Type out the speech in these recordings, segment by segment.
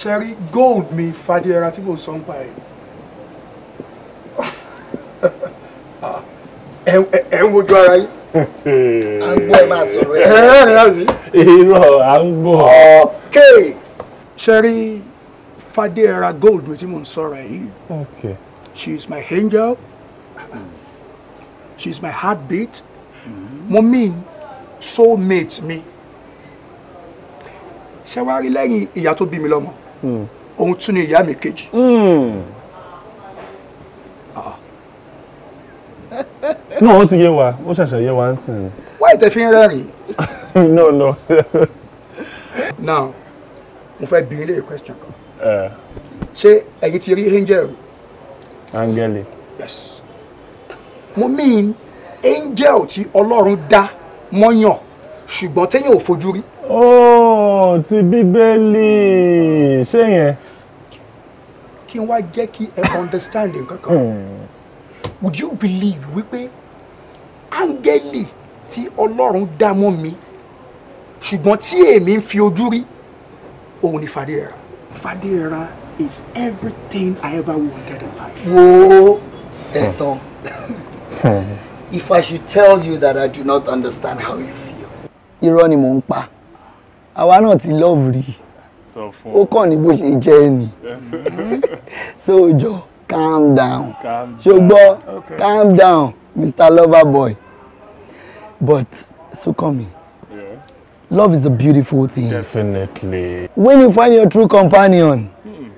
ṣe rí gold mi fàdíẹ́ra tí mo ń sọ ń pa ẹ̀ ẹ̀ ń wojú ara yín à ń gbọ́ ẹ máa sọ̀rọ̀ ẹ̀ ẹ̀ rẹ̀ àbí. irọ́ à ń gbọ́. ok ṣe rí fàdíẹ́ra gold mi tí mo ń sọ̀rọ̀ yìí she is my angel she is my heartbeat mo mm. mean soulmate mi ṣe wá rí lẹ́yìn ìyá tó bí mi lọ́mọ òun tún ni ìyá mi kejì. náà wọ́n ti yé wa ó ṣẹ̀ṣẹ̀ yé wa ń sìn. wáyé tẹ fi ń rẹ́rìn. no no. now mo fẹ́ bi ilé question kan. ṣé ẹ̀yin ti rí angel rí. angeli. yes mo mean angel ti ọlọ́run dá mọ́yàn ṣùgbọ́n téèyàn ò fojú rí oh ti bíbélì ṣé yẹn. kí n wá jẹ́ kí ẹ understand nǹkan kan hmm. would you believe wípé áńgẹ́lì tí ọlọ́run dá mọ́ mi ṣùgbọ́n tí èmi ń fi ojú rí òun ni fàdéra. fàdéra is everything I ever wanted in life. wo ẹ̀sán hmm. if I should tell you that I do not understand how you feel. irọ́ ni mò ń pa àwa náà ti love rí ó kàn ní bó ṣe jẹ́ ni so jọ calm down ṣùgbọ́ okay. calm down Mr. Boy. but so Sukanmi. So Love is a beautiful thing. Definitely. When you find your true companion, hmm.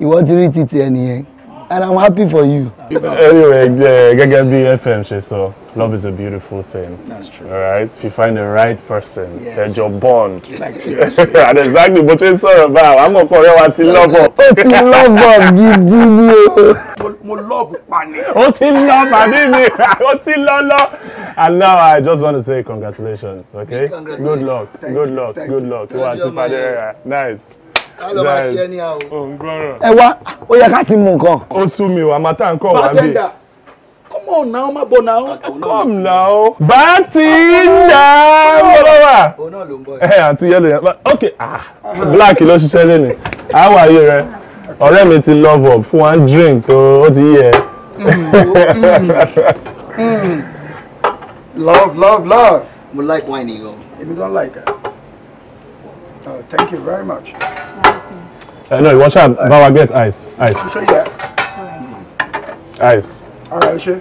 ìwọ ti rí títí ẹnìyẹn and i'm happy for you. anyway gẹ́gẹ́ bí FM ṣe love is a beautiful thing. that's true. all right if you find the right person yes. you're bond. and exactly bó ṣe sọ̀rọ̀ báyìí àwọn ọkọọrẹ wa ti lọ́bọ̀. ó ti lọ́bọ̀ gidi ni o. mo love pani. ó ti lọ màmí What ó love? lọ lọ. and now i just want to say congratulations okay congratulations. good luck Thank good luck you. good luck ìwà àti padà rẹ nice lọ máa ṣe ẹni àwọn. òǹgọ́rọ̀. ẹ wá ó yẹ ká ti mú nǹkan. ó sú mi wà màtá nǹkan wà bí. come on now má bọ̀ now. come now. bàtìndà mọ́lọ́wà. òun náà ló ń bọ̀ yẹn. ẹ àti yẹlò yẹn ok ah black ló ṣiṣẹ́ lẹ́nu àwọn àyè rẹ ọ̀rẹ́ mi ti love up fún one drink tó ó ti yẹ. Mm, mm, mm. love love love. mo like wine yìí gan. èmi gan like am. Uh, thank you very much. Uh, no, watch out. Uh, bá wa get ice. Ice. I'm sure yeah. Right. Ice. All right, ṣe.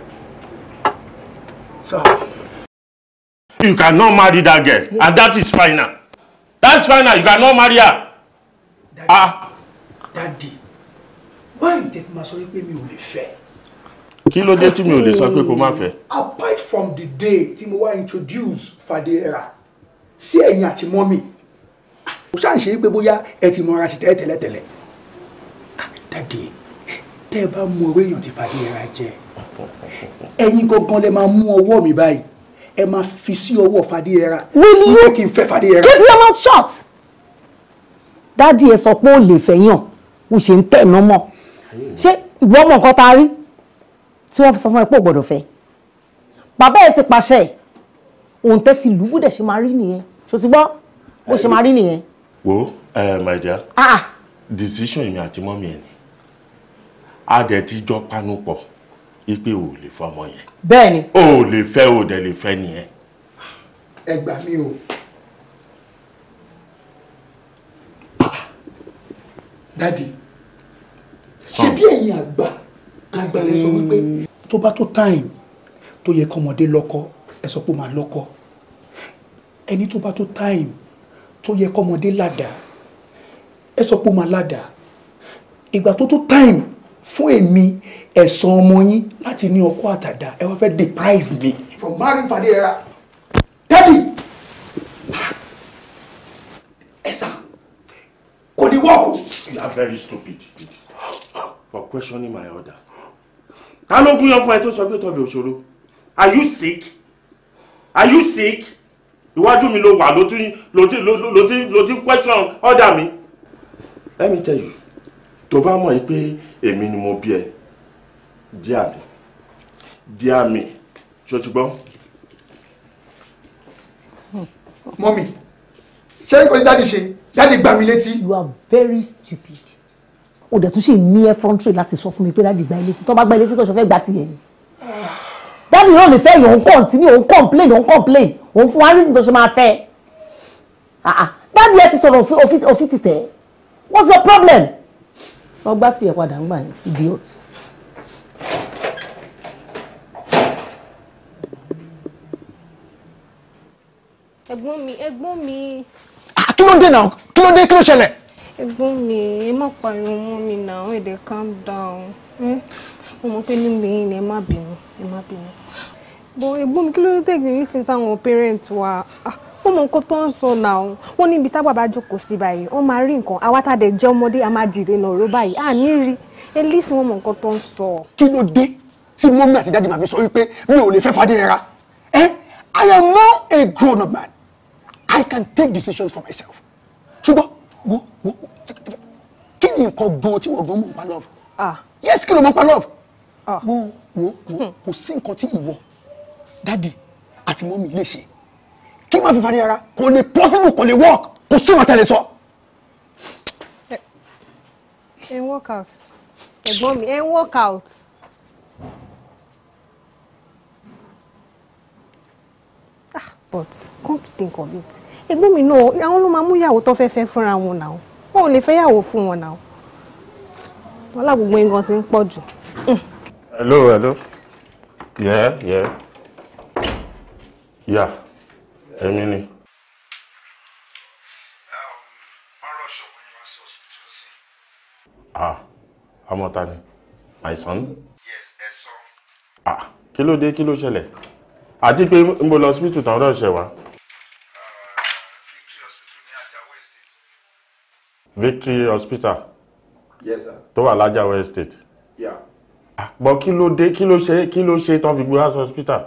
So. You cannot marry that girl yeah. and that is final. That's final. You cannot marry her. Daddy. Ah. Daddy. Why did ma sọ me mi ò lè fẹ́? Kí ló dé tí mi ò lè sọ pé kó má fẹ́? Apart from the day tí mo wá introduce Fadera see ẹ̀yin àti mọ́mì mo ṣáà ṣe pé bóyá ẹ ti mọra ṣe tẹ́lẹ̀tẹ́lẹ̀ ah, dáàdì tẹ́ ẹ bá mú owó èèyàn ti fàdé ẹ̀ra jẹ ẹ̀yin gangan lẹ máa mú ọwọ́ mi báyìí ẹ máa fi sí ọwọ́ fàdé ẹ̀ra will you kí n fẹ́ fàdé ẹ̀ra. keep your mouth shut. dáàdì ẹ sọ pé ó lè fẹ́yàn mo ṣe ń tẹ̀ ná mọ́ ṣé ìwọ ọmọ nǹkan tá a rí tí wọ́n fi sọ fún ẹ pé ò gbọ́dọ̀ fẹ́ bàbá ẹ ti pàṣẹ òun tẹ́ ti lù ú bó dẹ̀ ṣe máa rí nìyẹn ṣòtúgbọ́ bó ṣe máa rí nìyẹn wo eh, my dear ah, ah. decision èmi àti mọ́mí ẹ̀ ni a dẹ̀ ti jọ panupọ̀ ipe o lè fẹ́ ọmọ yẹn. bẹ́ẹ̀ni. o lè fẹ́ o dẹ̀ lè fẹ́ nìyẹn. ẹ gbà mí o. dadi ṣe bí ẹ̀yin àgbà àgbà lè sọ wípé tó bá tó time tó yẹ kọ́mọdé lọ́kọ ẹ sọ pé ó máa lọ́kọ ẹni tó bá tó time tó yẹ kọ́mọdé ládàá ẹ sọ pé ó máa ládàá ìgbà tó tó time fún èmi ẹ̀sán ọmọ yín láti ní ọkọ àtàdá ẹ wá fẹ́ deprive me from marrying Fadéyẹra tẹ́lẹ̀ ẹ sà kò ní wọ́ọ̀kù. you are very stupid for questioning my order. ta ló gún yan fún ẹ tó sọ pé tọ́bi òṣòro are you sick are you sick iwájú mi ló wà ló ti ló ti ló ti ló ti question order mi. let me tell you tó bá mọ̀ pé èmi ni mo bí ẹ díà mi díà mi ṣó ti gbọ́. mọ́mì ṣé nǹkan jáde ṣe jáde gbà mí létí. you are very stupid. o dẹ̀ tún ṣe ní ẹ́ fọ́ńtírì láti sọ fún mi pé dáàdì gba ilé tí tọ́ bá gba ilé tí kò ṣe fẹ́ gbà tiẹ̀ ni dáàbì yóò lè fẹ́ yìí òun continue òun complain òun complain òun fún wa reason tó ṣe máa fẹ́ ah, ah. dáàbì ẹ ti sọ̀rọ̀ òfin ti tẹ̀ what's your problem ọgbà tiẹ̀ padà ń gbà yín idiot. ẹ̀gbọ́n mi ẹ̀gbọ́n mi. Ah, kí ló dé náà kí ló dé kí ló ṣẹlẹ̀. ẹ̀gbọ́n mi ẹ má pariwo mọ́ mi náà ẹ dẹ̀ calm down. Mm? mo mọ̀ pé nínú yín ni ẹ má bínú ẹ má bínú. bọ ẹ̀gbọ́n mi kí ló dé ní sí sáwọn parent wa wọ́n ah, mọ̀ nǹkan tó ń sọ náà wọ́n níbi tá bàbá jókòó sí báyìí wọ́n máa rí nǹkan àwa tá dẹ̀ jẹ́ ọmọdé a máa dìde náà ró báyìí à rí ẹ lísì wọ́n mọ̀ nǹkan tó ń sọ. kí ló dé tí mọ́mí àti dáàdì màá sọ wípé mi ò lè fẹ́ Fadéyẹra ẹ eh? I am now a grown up man I can take decisions for myself ṣùgbọ́n wo wo kí ni nǹkan gan tí wọ́n gan mọ̀ nípa love. Ah. yes kí ló mọ̀ nípa love wo wo wo kò sí nǹkan tí ìwọ dáàdi àti mọ́mí lè ṣe kí má fi fari ara kò lè possible kò lè work kò sí wọn tẹ̀lé sọ. ẹ eh, ń eh, work out ẹ̀gbọ́n mi ẹ ń work out. ah but come to think of it ẹ̀gbọ́n mi náà àwọn ló máa mú ìyàwó tó fẹ́ẹ́ fẹ́ fúnra wọn náà wọn ò lè fẹ́ yàwó fún wọn náà wọn lágbègbè nǹkan ti ń pọ̀ jù. Hmm. Hello, hello. Yeah, yeah. Yeah. Èmi ni. Ah, how much ni? My son? Yes, ẹ sọ. Ah, kilo de, kilo kí ló pe, Àti pé ń bo hospital tán rọ̀ ṣẹ̀ wá. Victory Hospital ní Ajawo Estate. Victory Hospital? Yes, sir. Tó wà lájàwó Estate? Yeah. Ah, bọ́ kí ló dé kí ló ṣe kí ló ṣe tán fi gbé house hospital.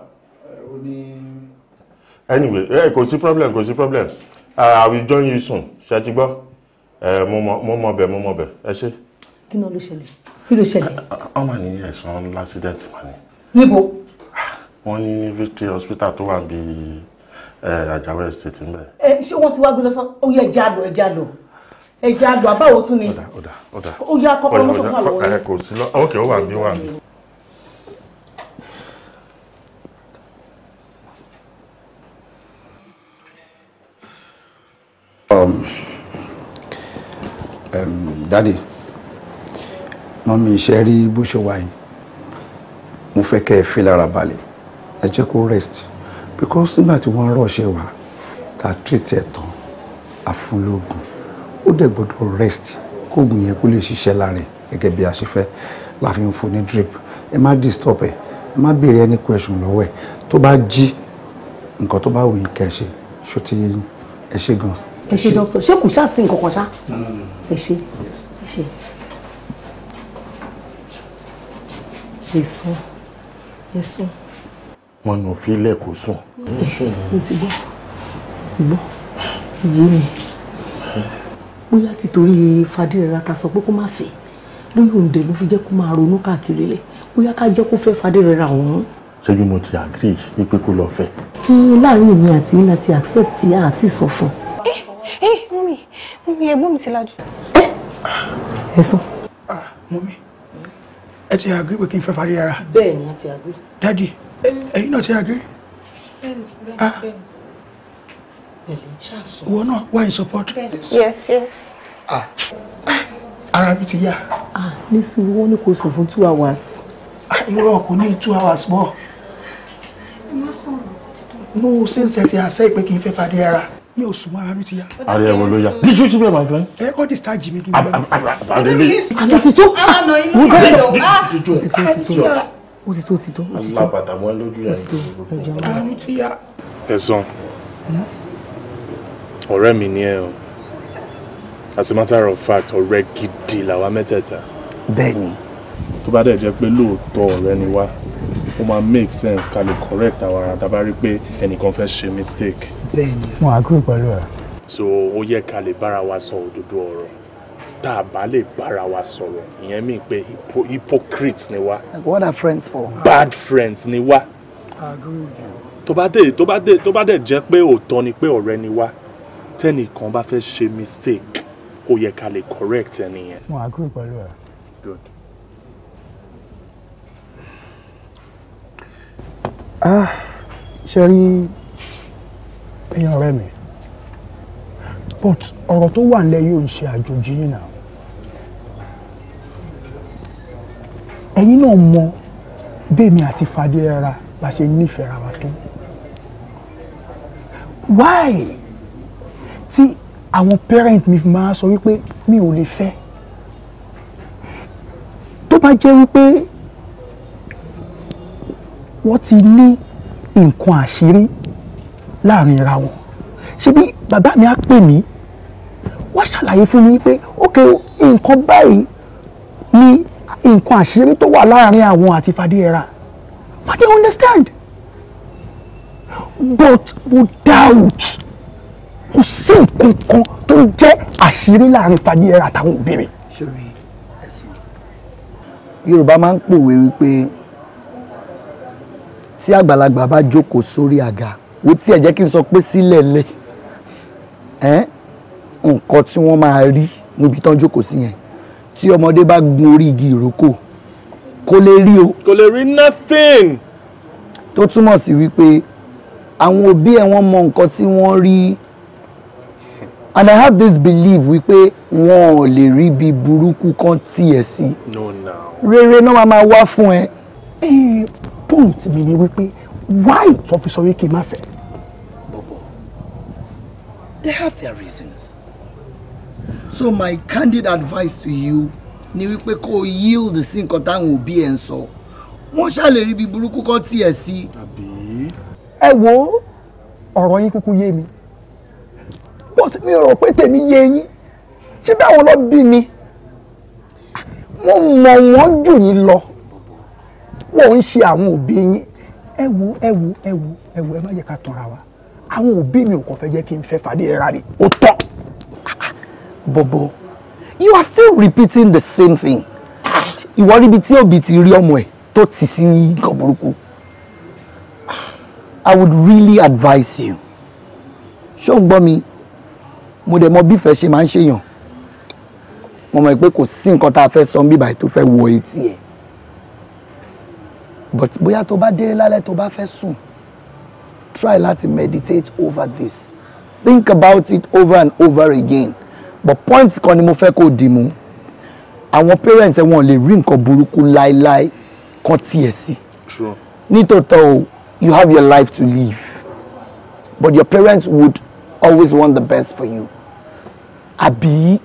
anyway ẹ eh, kò sí problem kò sí problem ah, I will join you soon ṣe ti gbọ́ eh, mo mọ bẹ̀ mo mọ bẹ̀ ẹ ṣe. kí ni ó ló ṣẹlẹ̀ kí ló ṣẹlẹ̀. ọmọ ní ẹ̀sán lásìdẹ̀ntì mà ní. níbo. Ah, wọ́n ní Victory hospital tó wà bíi àjàwé eh, estate ń bẹ̀. ẹ ṣé wọ́n ti wá gbé lọ sọ ó yẹ ẹja lọ ẹja lọ ẹ̀jẹ̀ àgbà báwo tún ni ó yá kọ́kọ́ mọ́tò wà lọ́wọ́ yẹn. kò sí lọ ok ó wà ní wà ní. Um, um, daddy mọ́mí iṣẹ́ rí bó ṣe wáyé mo fẹ́ kẹ́ ẹ fi lára balẹ̀ ẹ jẹ́ kó rest because nígbà tí wọ́n rọ̀ṣẹ́ wa ta treat ẹ̀ tán àfúnlógún ó dẹ̀ gbọ́dọ̀ rest kóògùn yẹn kó lè ṣiṣẹ́ láàrin gẹ́gẹ́ bí a ṣe fẹ́ la fún ní drip ẹ má disturb ẹ ẹ má béèrè any question lọ́wọ́ ẹ tó bá jí nǹkan tó bá wù yín kẹ́ ẹ ṣe ṣó ti ẹ ṣe gan. ẹ ṣe doctor ṣé kò ṣáà sí nǹkan kan ṣá ẹ ṣe ẹ ṣe. lè sùn wọn nù fílẹ̀ kó sùn. mo ti gbọ́ ti gbọ́ ìyé mi bóyá títorí Fadérera ta sọ pé kó má fẹ́ lóyún òǹdè ló fi jẹ́ kó máa ronú káàkiri lẹ̀ bóyá ká jẹ́ kó fẹ́ Fadérera ọ̀hún. ṣẹ́jú mo ti agree wípé kó lọ fẹ́. Hmm, láàrin èmi àti iná ti accept ya àti sọ fún. ẹ ẹ mọ́mí mọ́mí ẹ̀gbọ́n mi ti lajú. ẹ eh, ẹ sọ. Ah, mọ́mí ẹ ti agree pé kí n fẹ́ Fadérera. bẹ́ẹ̀ ni a ti agree. dadi eh, ẹ̀yin náà ti agree. bẹ́ẹ̀ni bẹ́ẹ̀ni ah, bẹ́ẹ̀ni pẹ̀lẹ́ ṣáàsùn. ìwọ náà wá in support. yes yes. ah ara mi ti yá. ah ní sùúrù wọn ní kò sùn fún two hours. irọ́ kò ní two hours bọ̀. ẹ má sọ̀rọ̀ títọ́. no since ẹ ti àṣẹ ìpè kí n fẹ́ fàdé ara mi ò sùn ara mi ti yá. ààrẹ ẹ̀wọ̀n ló yá. did you see where my friend. ẹ kọ́ discharge mi kí n bẹ̀rẹ̀. ààrẹ ah, mi. àti títú. àmàna inú mi lò á. títú títú ó ti tó ó ti tó. alábàtà wọn lójú yà ní ìṣòro. ààrẹ mi ti yá. ẹ̀sán. Hmm? ọ̀rẹ́ mi ni ẹ o as a matter of fact ọ̀rẹ́ gidi làwa mẹ́tẹ̀ẹ̀ta. bẹ́ẹ̀ni. tó bá dẹ̀ jẹ́ pé lóòótọ́ ọ̀rẹ́ ni wá ó máa make sense ká lè correct àwọn ara tá a bá rí pé ẹnìkan fẹ́ ṣe mistake. bẹ́ẹ̀ni mo agree pẹ̀lú ẹ. so ó yẹ ká lè bára wa sọ òdodo ọ̀rọ̀ tá a bá lè bára wa sọ̀rọ̀ ìyẹn mi pé hypocrite ni wá. what are friends for. bad friends ni wá. I agree with you. tó bá dẹ̀ tó bá dẹ̀ tó bá dẹ̀ jẹ́ pé òótọ́ ni pé ọ̀rẹ́ ni wá tẹ́nìkan bá fẹ́ ṣe mistake ó yẹ ká lè correct ẹni yẹn. mo àgọ́ pẹ̀lú ẹ̀. good. ah ṣe rí èèyàn ọ̀rẹ́ mi but ọ̀rọ̀ tó wà nílẹ̀ yóò ń ṣe àjòjì yìí náà ẹ̀yin náà mọ bẹ́ẹ̀mi àti fadéẹ́ra bá ṣe nífẹ̀ẹ́ ra wa tó why tí àwọn parent mi fi máa sọ wípé mi ò lè fẹ́ tó bá jẹ́ wípé wọ́n ti ní nǹkan àṣírí láàrin ara wọn ṣebí bàbá mi á pè mí wá ṣàlàyé fún mi pé ok nǹkan báyìí ni nǹkan àṣírí tó wà láàrin àwọn àti Fadéẹra but they understand but without. No kò sí nǹkan kan tó ń jẹ́ àṣírí láàrin fadíẹ́rà àtàwọn obìnrin. yorùbá máa ń pòwe wípé tí àgbàlagbà bá jókòó sórí àga wo tí ẹ jẹ́ kí n sọ pé sílẹ̀ lẹ̀ nǹkan tí wọ́n máa rí níbi tán jókòó sí yẹn tí ọmọdé bá gun orí igi ìrókò kò lè rí o. kò lè rí nothing. tó túmọ̀ sí wípé àwọn òbí ẹ̀ wọ́n mọ nǹkan tí wọ́n rí and i have this belief wípé wọn ò lè rí bí burúkú kan tiẹ̀ sí rere náà máa máa wá fún ẹ. point mi ni wípé why tó fi sọ wípé má fẹ́. bobo they have their reasons so my candid advice to you ni wípé kó o yield sí nǹkan táwọn òbí ẹ̀ ń sọ wọ́n ṣàlè rí bí burúkú kan tiẹ̀ sí. ẹ wo ọ̀rọ̀ yín kúkú yé mi but mi rò pé tèmi yé yín ṣé bí lọ bí mi mo mọ̀ wọ́n jù yín lọ wọ́n ń ṣe àwọn òbí yín ẹ wo ẹ wo ẹ wo ẹ wo ẹ má jẹ́ ká tanra wa àwọn òbí mi ò kàn fẹ́ jẹ́ kí n fẹ́ fàdé ẹ rárẹ̀ ó tán. bọ̀bọ̀ you are still repeating the same thing ìwọ ríbi tí òbí ti rí ọmọ ẹ tó ti sí nǹkan burúkú I would really advise you ṣó ń gbọ́ mi mo dẹ̀ mọ bífẹ́ ṣe máa ń ṣèyàn mo mọ̀ pé kò sí nǹkan tá a fẹ́ sọ bíbà tó fẹ́ wọ etí ẹ̀ but bóyá tó bá délé lálẹ́ tó bá fẹ́ sùn try láti meditate over this think about it over and over again but point kan ni mo fẹ́ kó dì mú àwọn parents ẹ wọn lè rí nǹkan burúkú láéláé kan tiẹ̀ sí nítòótọ́ o you have your life to live but your parents would always want the best for you àbí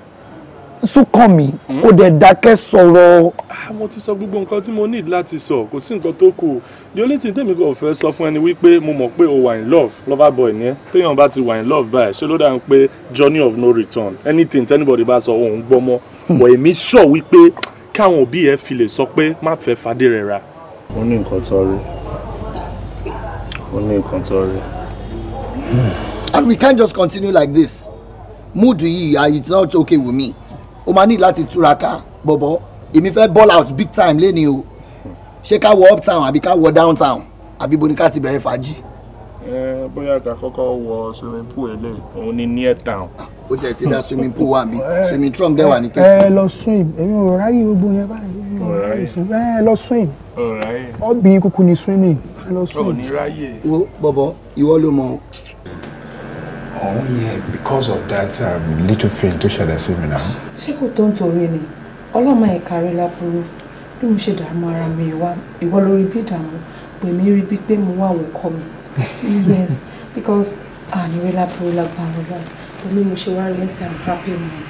Súnkànmí ó dẹ̀ dákẹ́ sọ̀rọ̀. Ah, mo ti sọ gbogbo nǹkan tí mo need láti sọ kò sí nǹkan tó kù the only thing tèmi kò fẹ́ sọ fún ẹni wípé mo mọ̀ pé o wà in love lover boy ni ẹ téèyàn bá ti wà in love báyìí ṣé ló dáa pé journey of no return anything anybody bá sọ òun gbọ́ mọ́ wọ̀ hmm. èmi sọ wípé káwọn òbí ẹ fi lè sọ pé má fẹ́ fadé rẹ ra. ó ní nǹkan tó rí ó ní nǹkan tó rí. and we can't just continue like this múùdù yìí ah, it's not okay with me o máa ní láti túraká bọ̀bọ̀ èmi fẹ́ ball out big time lẹ́ni o ṣé ká wọ uptown àbí ká wọ downtown àbí bo ni ká ti bẹ̀rẹ̀ fàájì. ẹ bóyá ká kọ́kọ́ wọ swimming pool ẹ̀ lẹ́yìn òun ni near town. Ah, ó tẹ̀ ti da swimming pool wa mi swimming trunk dẹ̀ wà ní kẹsì. ẹ lọ swim èmi ò ráyè gbogbo yẹn báyìí ẹ lọ swim ọ̀bì kúkú ni swimming ẹ lọ swim. ọ̀ ní ráyè. wo bọ̀bọ̀ ìwọ ló mọ Oh yeah, because of that um, little thing to share the seminar. She could kò tó me. All of my career rẹ̀ lábúrú bí mo ṣe dààmú ara mi wá ìwọ lórí bí ìdààmú pèmí rí bí pé mo wá àwòkọ mi yes because àní rẹ̀ lábúrú lágbára rẹ̀ pèmí mo ṣe wá rí ẹsẹ̀ i'm happy now.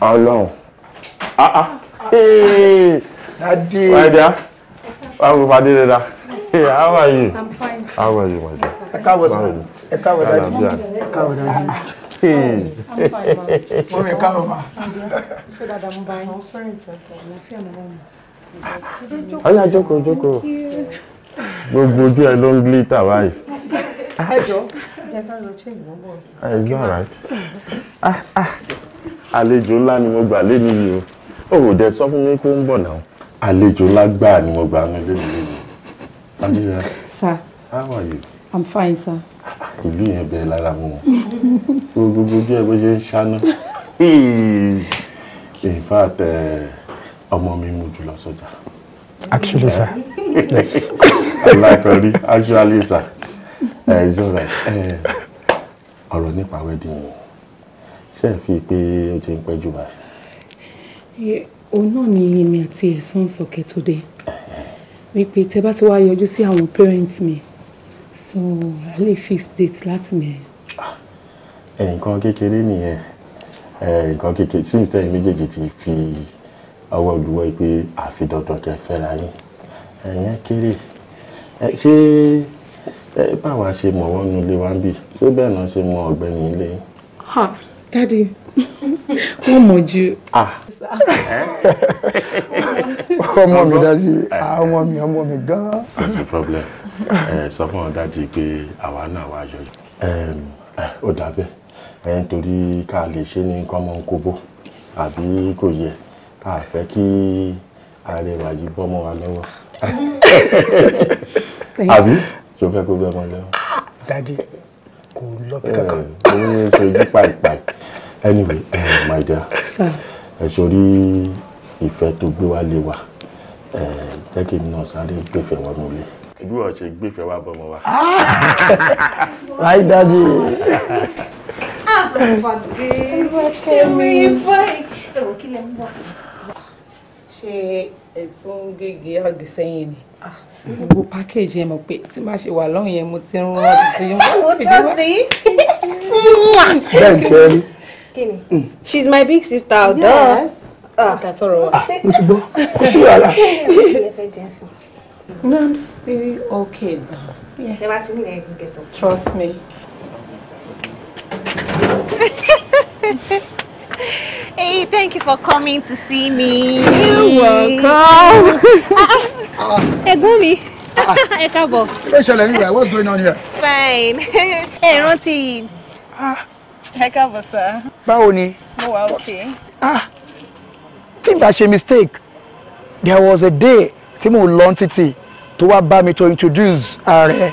ọlọ́run ah ah ee dadi wáyé dá wàá mú fadé dada. Hey, how are you? I'm fine. How are you, my dear? Ẹ káàbọ̀ sir. Ẹ káàbọ̀ daddy. Ẹ káàbọ̀ daddy. Hey. I'm fine, ma. Mom, ẹ káàbọ̀ ma. So that I'm by my friends, my friend, mom. Ọya jókòó jókòó. Gbogbo ojú ẹ ló ń glitter báyìí. Ẹjọ́, ìjẹsà change wọ́n bọ̀. Is that right? Ah, ah. Àlejò ńlá ni mo gbà lé nìyí o. O ò dẹ̀ sọ fún mi pé ó ń bọ̀ náà. Àlejò ńlá gbáà ni mo gbà mí lé nìyí. Amira. Sir. How are you? I'm fine, sir. Ìlú yẹn bẹ̀rẹ̀ lára mu wọn. Gbogbo ojú ẹ̀ bó ṣe ń ṣáná. In fact, eh, ọmọ mi mú jù lọ sọ́jà. Actually, sir. Yes. Alákọ̀rí, actually, sir. Ẹ eh, it's all right. Eh, ọ̀rọ̀ nípa wedding yìí. Ṣé ẹ fi pé ó ti ń pẹ́ jù báyìí? Òun náà ni èmi àti ẹ̀sán sọ̀kẹ́ tó dé wípé tẹ bá ti wá yọjú sí àwọn parents mi so I lè fix date láti mẹ́rin. nǹkan kékeré nìyẹn nǹkan kékeré since tẹ́yìn méjèèjì ti fi ọwọ́ olúwọ́ pé àfi dandan kẹ́ fẹ́ra yín ẹ̀yẹn kéré ṣé báwa ṣe mọ̀ wọ́n nílé wa ń bì ṣé bẹ́ẹ̀ náà ṣe mọ ọ̀gbẹ́ni ilé yín. ha dadi wọ́n mọ̀ ju. ọmọ mi dájú ọmọ mi ọmọ mi gan. that's the problem sọ fún ọ dájú pé àwa náà wá yọjú. ó dàbẹ́ nítorí ká lè ṣe ní kọ́mọ́ ń kóbó àbí kò yẹ ká fẹ́ kí arẹwà yìí bọ́ mọ́ wa lọ́wọ́ àbí tó fẹ́ kó bẹ́ mọ́ lọ́wọ́. dádì kò lọ bí kankan. ó ní ṣojú pàìpàì anyway uh, my dear ẹ sori ìfẹ́ tó gbé wá lé wa eh, jẹ́ kí n náà sáré gbẹ̀fẹ̀ wọnú ilé bí wọ́n ṣe gbẹ̀fẹ̀ wá bọ́mọ wa. my ah! daddy. àbàdé ah, èmi báyìí ẹ̀rọ kí lè ń bọ̀ ṣe ẹ̀tún gègé àgùsẹ́yìn ni ah, gbogbo package yẹn mọ̀ pé tí má ṣe wà lọ́hùn yẹn mo ti ń rán ọ́ ti ti ń wá. bẹ́ẹ̀ ni ṣe rí kíni. Hmm. she's my big sister ọ̀dọ́. yes. Ah. ọ̀tà sọ̀rọ̀ wa. Ah, mo ti gbọ́ kò sí wàhálà. no i'm still okay now. tẹ trust me. Hey, thank you for coming to see me. You're welcome. Hey, Gumi. Hey, káàbọ̀. Ṣé ìṣẹ̀lẹ̀ What's going on here? Fine. Ẹ rántí. Ah ẹ káàbọ̀ sá. báwo ni. mo wà òkè. ah tí n bá ṣe mistake there was a day tí mò ń lọ títì tó wá bá mi to introduce ààrẹ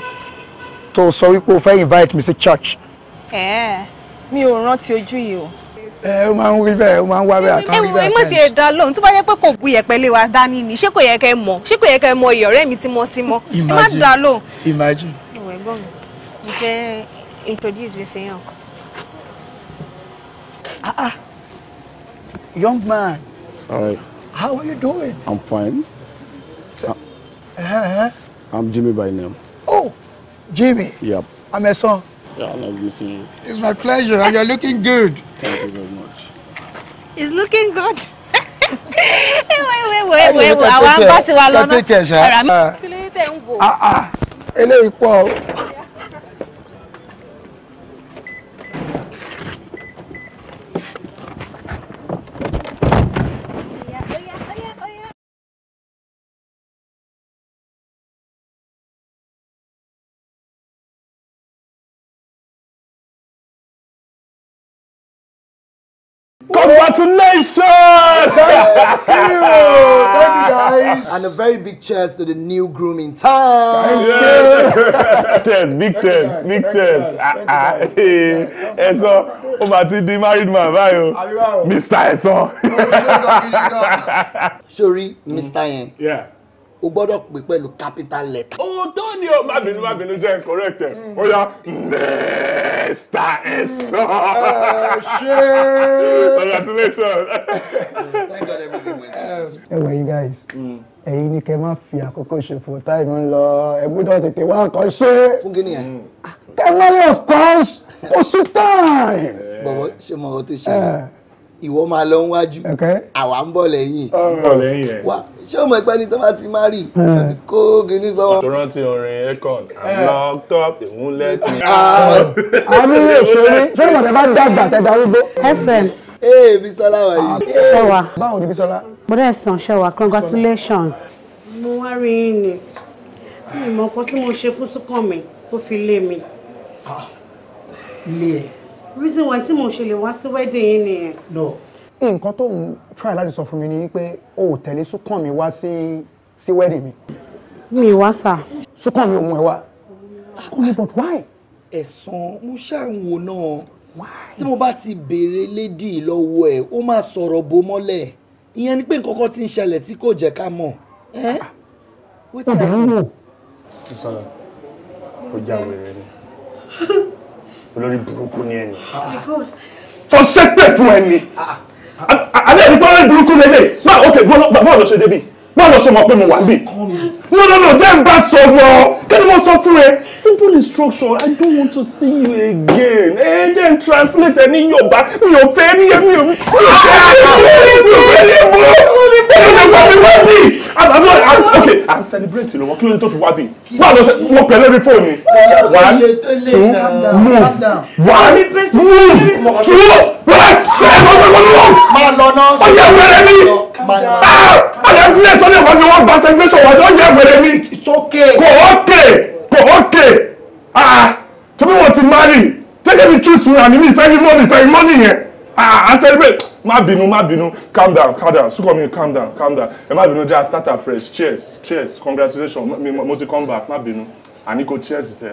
tó sọ wípé o fẹ́ invite mi sí church. ẹ mi ò rántí ojú yìí o. ẹ ó máa ń wí bẹ́ẹ̀ ó máa ń wá bẹ́ẹ̀ àtàwọn ìgbà tẹ́lẹ̀. ẹ mọ̀ tí ẹ dá lóhùn tó bá yẹ pé kò bu iyẹ̀pẹ̀ lé wa dání ni ṣé kò yẹ kẹ́ mọ̀ ṣé kò yẹ kẹ́ mọ̀ iyì ọ̀rẹ́ mi tímọ́tímọ́ ẹ má dá lóhùn. imagine. ìwẹ̀ gbọ́n mi mo fẹ́ introduce ẹsẹ̀ yẹn kan. Ah, ah. Young man. Sorry. How are you doing? I'm fine. So, uh-huh. I'm Jimmy by name. Oh, Jimmy. Yep. I'm a son. Yeah, nice meeting you. It's my pleasure, and you're looking good. Thank you very much. He's looking good. Wait, wait, wait, wait, wait. Àwọn bá ti wà lọ́nà. Take care, ṣá. Kí ló dé tẹ̀ ń wò? Ah ah, eléyìí pọ̀ o. Congratulations! Thank you. Thank you guys. And a very big cheers to the new groom in town. Thank you. cheers, big cheers, big cheers. hey, ah, ah, eh, eh, ó máa ti di married man báyìí o. Mr. Ẹ̀sán. Oh, Sori, Mr. Yeah o gbọ́dọ̀ pè pẹ̀lú capital letter. ohun tó ní o má bínú má bínú jẹ́ correct ẹ̀ ó yá nẹ́ẹ̀sítà ẹ̀sọ́. Eh, ṣé congratulations. thank God everything went eh, well. ẹ wẹ̀yìn guys ẹ̀yin ni kẹ́ máa fi àkókò ṣòfò táìmù ń lọ ẹ gbọ́dọ̀ tètè wá nǹkan ṣe. fún kí ni ẹ. kẹ́mẹ́rì of course kò sí time. bọ̀bọ̀ ṣe mọ̀ ọ́ tó ṣe. Eh, ìwọ máa lọ níwájú àwa ń bọ̀ lẹ́yìn wa ṣé o mọ̀ pé ní tó bá ti má rí o ti kó gini sọ. tó rántí orin aircon i'm locked up they won't let me. àmì ah. òṣèré ṣé ìwọ̀n tẹ bá dàgbà tẹ darúgbó. fm ee Bisola ah, wà yìí. ṣọwa báwo ni Bisola. mo dẹ́ sàn ṣọwa congratulations. mo wá rí i ni mi ò mọ̀ nǹkan tí mo ṣe fún Súnkànmí tó fi lé mi. Ah, lé ẹ reason why tí mo ṣe lè wá sí wedding yìí nìyẹn. no nǹkan tó ń try láti sọ fún mi ni pé o ò tẹ̀lé Súnkànmí wá sí sí wedding mi. mi wá sà. Súnkànmí ò mú ẹ wá. Súnkànmí but why. ẹ̀sán mo ṣàǹwò náà tí mo bá ti béèrè lédì lọ́wọ́ ẹ̀ ó máa sọ̀rọ̀ bó mọ́lẹ̀ ìyẹn ni pé nǹkan kan ti ń ṣẹlẹ̀ tí kò jẹ́ ká mọ̀. obìnrin ah, ah. wò. sísọlá kò já wèrè olórí burúkú ni ẹni. tó ṣe pè fún ẹni. Ah, ah. alẹ́ ìdí pọ́nrẹ́ burúkú lélẹ̀ báwo ok bọ́ọ̀lù ṣe débi bọ́ọ̀lù ṣe mọ̀ pé mo wà níbí. no no no jẹ́ n bá sọ wọ́ọ́ ni mo sọ fún ẹ simple instruction i don't want to see you again ẹ jẹ́ n translate ẹ ní yorùbá mi ò fẹ́ ní èmi ò mi ò fẹ́ ní èmi ò fẹ́ ní èmi ò ní bẹ́ẹ̀ ni wọ́n mi wọ́n mi i'm not as okay i'm celebrating lọ́wọ́ kí ló ń tó fi wá bí wà lọ ṣe mo pẹ̀lú ẹbí fóònù one two move one move two press ẹ̀ wọ́n mi wọ́n mi wọ́n mi ọ̀yà wẹ̀rẹ̀ mi. Ah, ọ̀dà tí ilé sọ́dọ̀ ìwọ́n ni wọ́n gba segregation wọ́n tó yẹ wẹ̀rẹ̀ mi kò ókè kò ókè tó bí wọ́n ti marry take any truth fún àmì mi ìfẹ́ ní mọ́nì ìfẹ́ ní mọ́nì yẹn I ń celebrate má bínú má bínú calm down calm down sukọ mi calm down calm down ẹ má bínú just start afresh cheers cheers congratulations mo ti come back má bínú àní kò cheers sẹ.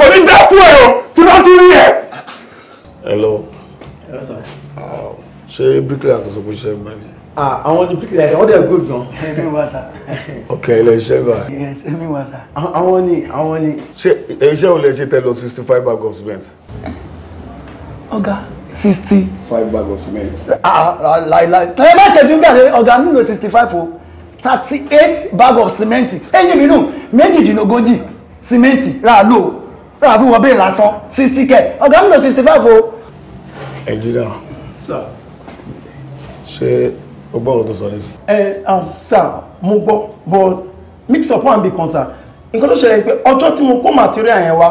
kò ní dá fún ẹ o tí wọ́n tún rí ẹ. hello ṣé bíkìlì àtọ̀sọ̀kọ̀ ṣe é mẹ́rin. Ah, àwọn ni bíríkìlà ẹ̀sán wọ́n dẹ̀ gbó gan. ẹ̀mí wa sà. ọkẹ ilé iṣẹ́ bá. ẹ̀mí wa sà. Ah, àwọn ni àwọn ni. ṣé iṣẹ́ ò lè ṣe tẹ lọ sixty five bag of cement. ọ̀gá sixty. five bag of cement. láìláì ah, ẹ má tẹ̀jú gbàdé ọ̀gá mi lò sixty five o thirty eight bag of cement ẹ̀yìn mi nù méjìdínlógójì cement rà lò rà fún wọn bẹ́ẹ̀ lásán sixty kẹ ọ̀gá mi lò sixty five o. ẹ̀jẹ̀ náà. sà. ṣé o gbọ́ ohun tó sọ nísì. ẹ um, sir mo gbọ́ but mix up one big concern nǹkan tó ṣẹlẹ̀ pé ọjọ́ tí mo kó material yẹn wá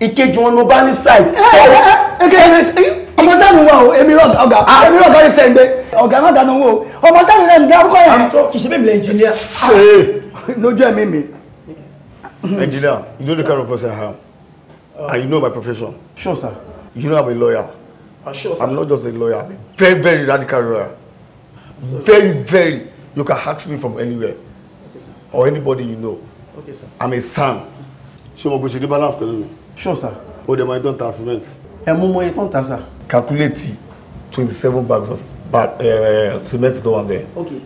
ìkejì wọn ló bá ní site. Eh, eh, eh, ọmọ sẹ́mi wà o èmi ọ̀gá ah. èmi ọ̀gá yìí sẹ́gbẹ́ ọ̀gá má dáná wò ọmọ sẹ́mi náà ní akọ́kọ́ yẹn. Ah, ṣùgbọ́n mi lè engineer. Ah. lójú ẹ̀mí mi. engineer you know the kind of person I am uh, and you know my profession. sure sir. you know I'm a lawyer. Uh, sure, I'm not just a lawyer I'm a very very radical lawyer. Very, very. You can ask me from anywhere. Okay, Or anybody you know. Okay, sir. I'm a son. Ṣé mo bó ṣe ní balance pẹ̀lú mi? Sure, sir. O dẹ̀ mọ iye tó ta cement. Ẹ mú mọ iye tó ta, sir. Calculate twenty-seven bags of bag, uh, cement tó wà bẹ́ẹ̀. Okay.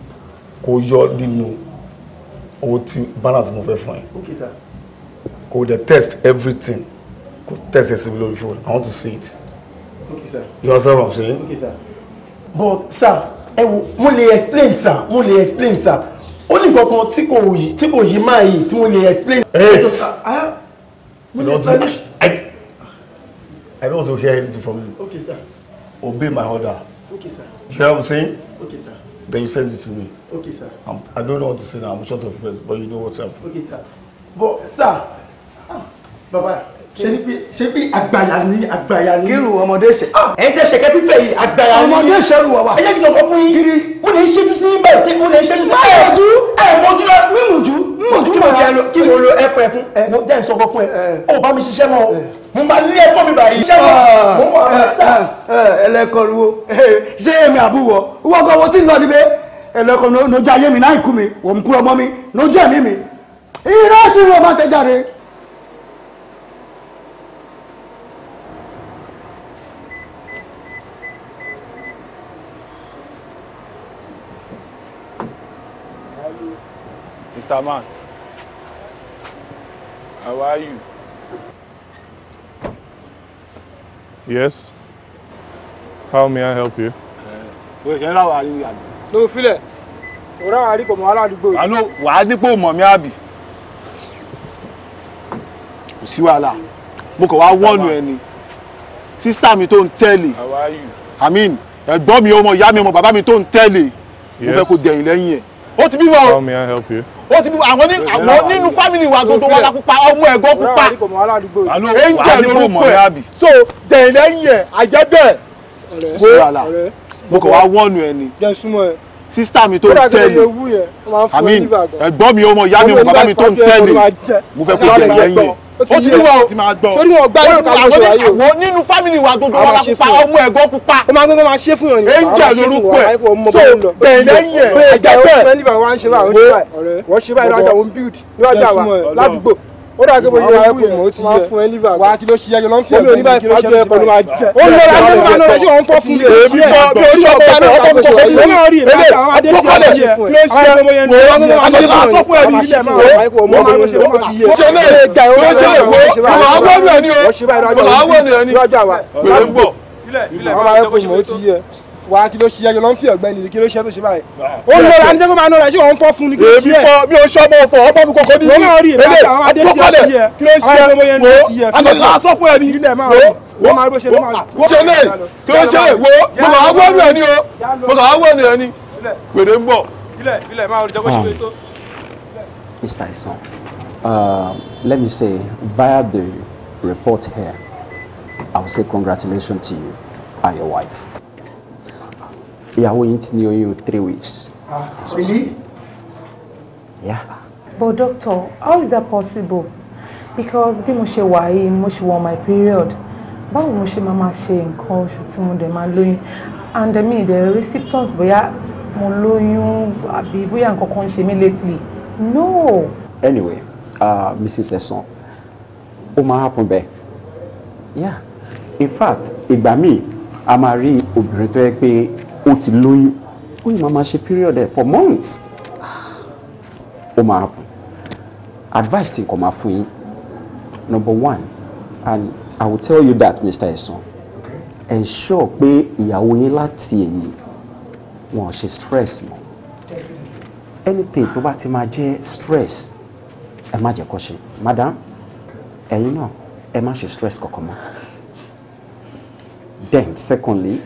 Kò yọ nínú owó tí balance mo fẹ́ fún ẹ. Okay, sir. Kò dẹ̀ test everything. Kò test ẹ̀ sí mi lórí phone. I want to see it. Okay, sir. You understand what I'm saying? Okay, sir. But, sir ẹ wo mo lè explain sir mo lè explain sir ó ní nǹkan kan tí kò yí tí kò yí máa yìí tí mo lè explain. yes ah, I don't I, don't want to hear anything from you. okay sir. obey my order. okay sir. you hear what I'm saying. okay sir. then you send it to me. okay sir. I'm, I don't know what to say now I'm short of words, but you know what's up. okay sir. but sir. Ah, bye bye ṣe bí àgbàyà ni àgbàyà ni. kírù ọmọdé ṣe. Ah! ẹ tẹ ṣẹkẹ fífẹ yìí àgbàyà ni. ọmọdé ṣẹlù wà wá. ẹ jẹ́ kí n sọ̀kọ́ fún yín. kiri mo lè ṣẹ́jú sí bẹ́ẹ̀ tí mo lè ṣẹ́jú sí. báyọ̀ ojú ẹ mojú ẹ mi mojú mi mojú mọ̀ kí mo lo ẹ fún ẹ fún mo jẹ́ n sọ̀kọ́ fún ẹ o bá mi ṣiṣẹ́ mọ́ mo máa lé ẹ̀kọ́ mi báyìí. iṣẹ́ mọ́ mo ah. mọ̀ ọ́ sá. ẹlẹ́kọ̀ọ́ruwo ṣé èmi àbúwọ̀ wọ́kọ̀ wo tí ń lọ níbẹ̀ ẹlẹ́kọ̀ọ́ lójú ayé mi náà ikú mi wọ́n kú ọmọ mi lójú ẹ̀mí mi ìrẹsì wo máa ṣe jáde. Mr. Man, how are you? Yes. How may I help you? Bó eh, ṣe ń ráwọ̀ àríwí àgbẹ̀. Ló filẹ̀, ò ráwọ̀ àrí kò mọ̀ aládùúgbò yìí. Àló wàá dípò mọ̀ mí àbí? Kò sí wàhálà, mo kàn wá wọ́ọ̀nù ẹ ni. Sísítà me. tó ń tẹ́lẹ̀. How are you? I mean, ẹ̀gbọ́n mi ọmọ ìyá mi ọmọ don't tell tó ń tẹ́lẹ̀. Mo fẹ́ kó dẹ̀yìn lẹ́yìn ẹ̀ ó ti bímọ o ó ti bímọ àwọn ní àwọn nínú fámìlì wa gbogbo wa la pupa ọmọ ẹ̀gbọ́n pupa angel lorúkọ ẹ̀ so dẹ̀yìn lẹ́yìn ẹ̀ àjẹ́bẹ̀ wo mo kàn wá wọ́ọ̀nù ẹni. jẹ́ súnmọ́ ẹ sísítà mi tó ń tẹ́lẹ̀ àmì ẹ̀gbọ́n mi ọmọ ìyá mi ọmọ bàbá mi tó ń tẹ́lẹ̀ mo fẹ́ kó jẹ lẹ́yìn ó ti wá o sórí wọn gbá yóò ká lóṣù ayé o àwọn nínú fámìlì wa gbogbo wọn la pupa ọmọ ẹ̀gbọ́n pupa. ó máa ń gbọ́dọ̀ máa ṣe fún yàn ni. angel lorúkọ ẹ so bẹ́ẹ̀ lẹ́yìn ẹ̀ bẹ́ẹ̀ jẹ́ bẹ́ẹ̀. wọ́n ṣe báyìí wọ́n ṣe báyìí lọ́jà wọn build lọ́jà wa ládùúgbò ó dàgbé bó yọ ẹkùn mọ ó ti yẹ wà á kí ló ṣiyẹ yọ lọ́n fi ẹ̀kọ́ ní báyìí fájú ẹ̀kọ́ ló máa jẹ. ó lọ ra ló máa lọ rẹ òun fọ́ fún mi. èmi fọ́ mi ò ṣe ọkọ mi ọkọ mi kò ní lórí èmi àkọ́kọ́ lè ṣe kí ló ṣe mo wá mo máa ṣe máa fọ́ fún ẹ̀mí ilé mi o mo máa ṣe mo ti yẹ. ṣe lè mo ṣe ìwọ mo máa wọ ní ẹni o mo máa wọ ní ẹni pèlè ń bọ̀. ọmọ ẹkùn mọ ó ti yẹ wà kí ló ṣiṣẹ́ yọlọ́ ń fi ọ̀gbẹ́ nìyí kí ló ṣiṣẹ́ tó ṣe báyìí. Ah, ah. ó ń lọ́ra adéjọ́ máa ń lọ́ra ṣé òun fọ́ fún ni kí ló ṣiṣẹ́. èmi fọ mi ò ṣọmọ fọ ọmọ mi kòkó nínú èlé àkókòlẹ̀ kí ló ṣiṣẹ́ wo àtọ̀tọ̀ aṣọ fún ẹ ní wo wo ṣe lè kí ló ṣe wo mo kàn wọ́n rẹ̀ ni o mo kàn wọ́n rẹ̀ ni pèrè ń bọ̀. Ah. Mr. Isan, um, let me say, via the report here, I will say congratulations to you and your wife ìyàwó yín ti ní oyún three weeks. Ah, really? Yeah. But doctor, how is that possible? Because bí mo ṣe wà yìí mo ṣe wọ my period. Báwo mo ṣe máa máa ṣe nǹkan oṣù tí mo dẹ̀ máa lóyún? And mi ì dẹ̀ rí symptoms bóyá mo lóyún àbí bóyá nǹkan kan ṣe mí lately. No. Anyway, uh, Mrs. Esan, ó máa happen bẹ́ẹ̀. Yeah. In fact, ìgbà míì a máa rí obìnrin tó yẹ pé ó ti lóyún ó yìí máa ma ṣe period ẹ̀ for months ó máa happen advice tí n kò máa fún yín number one and i will tell you that mr esan ensure pé ìyàwó yín láti ẹ̀yìn wọn ṣe stress mọ́ anything tó bá ti máa jẹ́ stress ẹ má jẹ́ kó ṣe madam ẹ̀yin náà ẹ má ṣe stress kankan mọ́ then secondly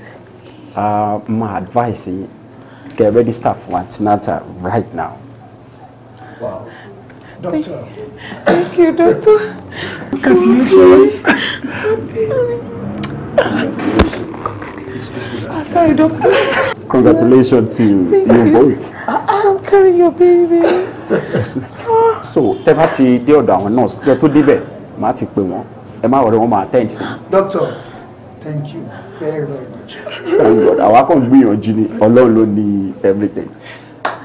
uh, my advice is get stuff for antenatal right now. Wow. Doctor. Thank you, doctor. Congratulations. oh, sorry, doctor. Congratulations to you both. I'm carrying your baby. so, tẹ́ bá ti dé ọ̀dọ̀ àwọn nurse kẹ́ tó débẹ̀, màá ti pè wọ́n. Ẹ má worry, wọ́n Doctor, thank you very, very much thank oh God àwa kàn gbìyànjú ni ọlọ́run ló ní everything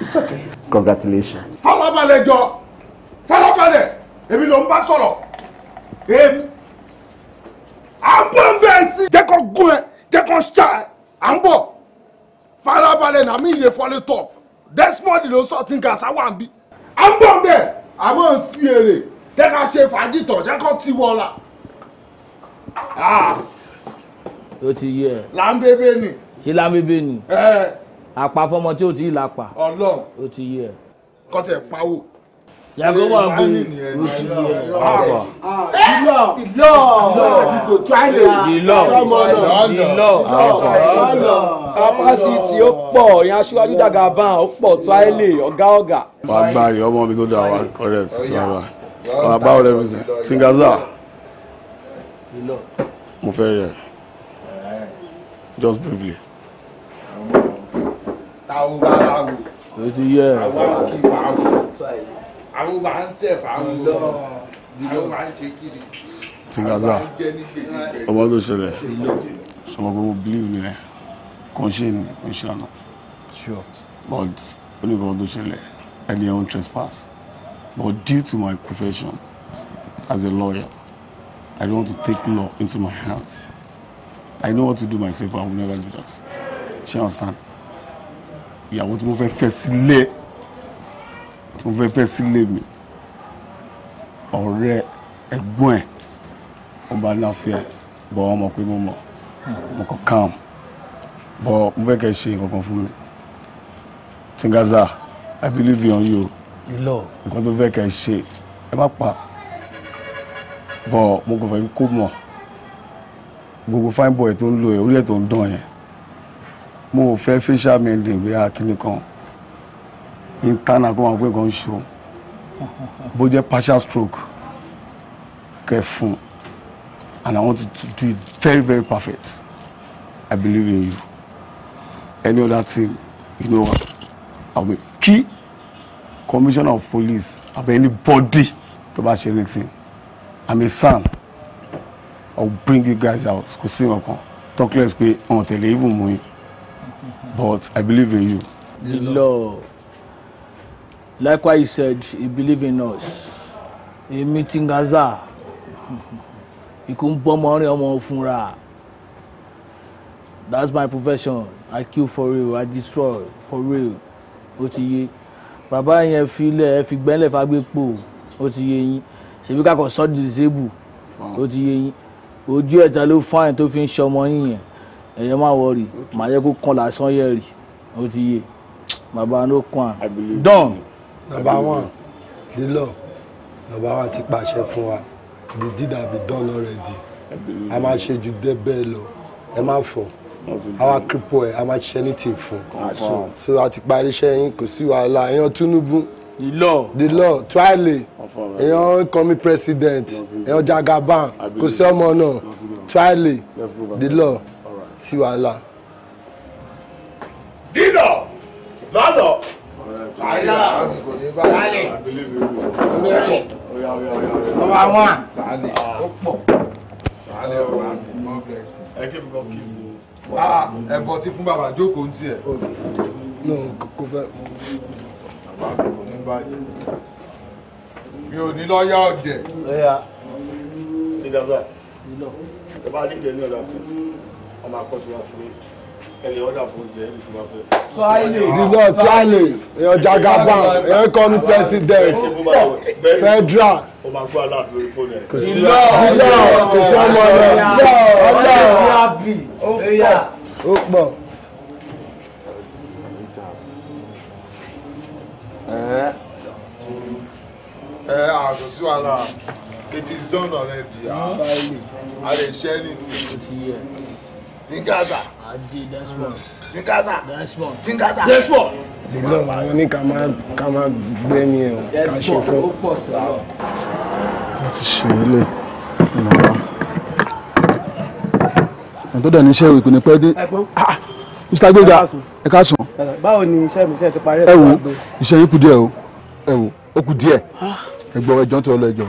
it's okay congratulations. farabalẹ̀ jọ farabalẹ̀ èmi ló ń bá sọ̀rọ̀ èmi àbọ̀nbẹ̀ẹ́sì jẹ́ kó gún ẹ jẹ́ kó ṣá ẹ à ń bọ̀ farabalẹ̀ na mi yẹ fọlẹ̀ tọ̀ desmond ló sọ tí n kà sáwà ń bí à ń bọ̀ ń bẹ̀ àmọ́ ń sí èrè jẹ́ ká ṣe fàájì tọ̀ jẹ́ kó ti wọ̀ la. Ah ó ti yé ẹ. láńbébé ni. ṣé láńbébé ni. àpá fọmọ tí ó ti là pa. Ọlọ́run ó ti yé ẹ. kọ́tẹ̀ pawó. Yakubu Agbo ó ti yé ẹ. ọ̀rọ̀ ìlọ ìlọ àdìgbò tó àyè ìlọ ìlọ ìlọ kapásítì ó pọ̀ ìyẹn aṣíwájú dàgà bá ó pọ̀ tó àyè lè ọ̀gá ọ̀gá. wàá gba ìyá ọmọ mi tó dà wá correct tó wà wá báwo lẹ́nu sí Tingaza mo fẹ́ yẹ just briefly. táwọn bá wà wò. ló ti yẹ ẹ. àwọn kì í bá wò. àwọn bá ń tẹ̀ fáwọn lọ. àwọn bá ń ṣe kiri. tìǹgàzà ọmọ tó ṣẹlẹ̀ sọmọ pé mo believe ni ẹ kàn ṣe ni kò ṣe àná. but ó ní kàn tó ṣẹlẹ̀ ẹni ẹ̀ ń trespass but due to my profession as a lawyer I don't want to take law into my hands. I know what to do myself and I will never do that. She understand? Yeah, what move fẹ́ fẹ́ sílé tí mo fẹ́ fẹ́ sílé mi ọ̀rẹ́ ẹ̀gbọ́n ẹ̀ ọba láfíà bọ̀ ọmọ pé mo mọ̀ mo kàn calm bọ̀ mo fẹ́ kẹ́ ṣe nǹkan fún mi. Tingaza, I believe in you. Ìlọ. Nǹkan tó fẹ́ kẹ́ ṣe ẹ má pa bọ̀ mo kàn fẹ́ kó mọ̀ gbogbo fine boy tó ń lo ẹ̀ orí ẹ̀ tó ń dán yẹn mo ò fẹ́ facial mending gbé akínní kan internal kó máa pé kan ṣo bó jẹ́ partial stroke kẹfun and I want you to do it very very perfect I believe in you any other thing you know I mean key, commissioner of police abẹ anybody tó bá ṣe anything I'm a son. I will bring you guys out kò sí nǹkan talk less pé ọ̀n tẹ̀lé even mu yín but I believe in you. Lọ like what you said you believe in us èmi ti gaza ikú ń bọ́ ọmọ rìn ọmọ fúnra that's my profession I kill for real I destroy for real ó ti yé bàbá yẹn filẹ̀ ẹ fi gbẹ́lẹ̀ fagbé pò ó ti yé yín ṣèbí kakọ̀ sọ́ọ́ di disabled ó ti yé yín ojú ẹ̀ta ló fáyìn tó fi ń ṣọmọ yìnyẹn ẹ̀yẹ má wọrí màá yẹ kó kan lásán yẹ rì ó ti yé bàbá ló kàn án dán. bàbá wọn lílọ bàbá wa ti pàṣẹ fún wa the deed have been done already a máa ṣe ju dé bẹ́ẹ̀ lọ ẹ má fọ àwa kírípọ̀ ẹ̀ a máa ṣiṣẹ́ ní tìí fún so a ti parí iṣẹ́ yín kò sí wàhálà ẹ̀yàn túnúbù the law the law èèyàn call me president èèyàn jagaban kò sí ọmọ náà trially the law sí wàhálà. dino lọ́dọ̀ àyà àlè olórí ọmọ àwọn àlè ó pọ̀ àlè ọ̀rọ̀ àmì ẹ kí mi kọ́ kí sí ah, ẹ bọ tí fún bàbá jókòó ń tiẹ̀. kò fẹ́. bàbá kò ní báyìí mi ò ní lọ́yà ọ̀dẹ̀. ẹ̀yà ní gaza ẹ bá ní ìdẹ̀ ní ọ̀dà tí ọmọ akọ́sí wa fún ẹni ọ̀dà fún oúnjẹ ẹni fún wa fẹ́. dizọ tuale èèyàn jagaban èèyàn kọnu president federal. o máa gbọ́ aláàfin orí fóònù ẹ̀. kò sí ọmọ rẹ̀ ọmọ rẹ̀ ọlọ́run ó pọ̀. uh ẹ àgọ́ sí wàhálà it is done already a mm-hmm. lè ṣe anything tinkaza tinkaza tinkaza despot. dèlọ àwọn ní ká máa ká máa gbẹmí ẹ o ká ṣe fún. láti ṣe ilé ìnáwó àwọn tó dẹ̀ níṣẹ́ ìpè ní pẹ́ dé. Ah, Mr. Gbéga ẹ ká sùn. báwo ni iṣẹ́ mi ṣe ti parí. ẹ wo iṣẹ́ yín kù díẹ̀ o ẹ wo ó kù díẹ̀ ẹgbọ́n ẹjọ́ tó lọ ẹjọ́.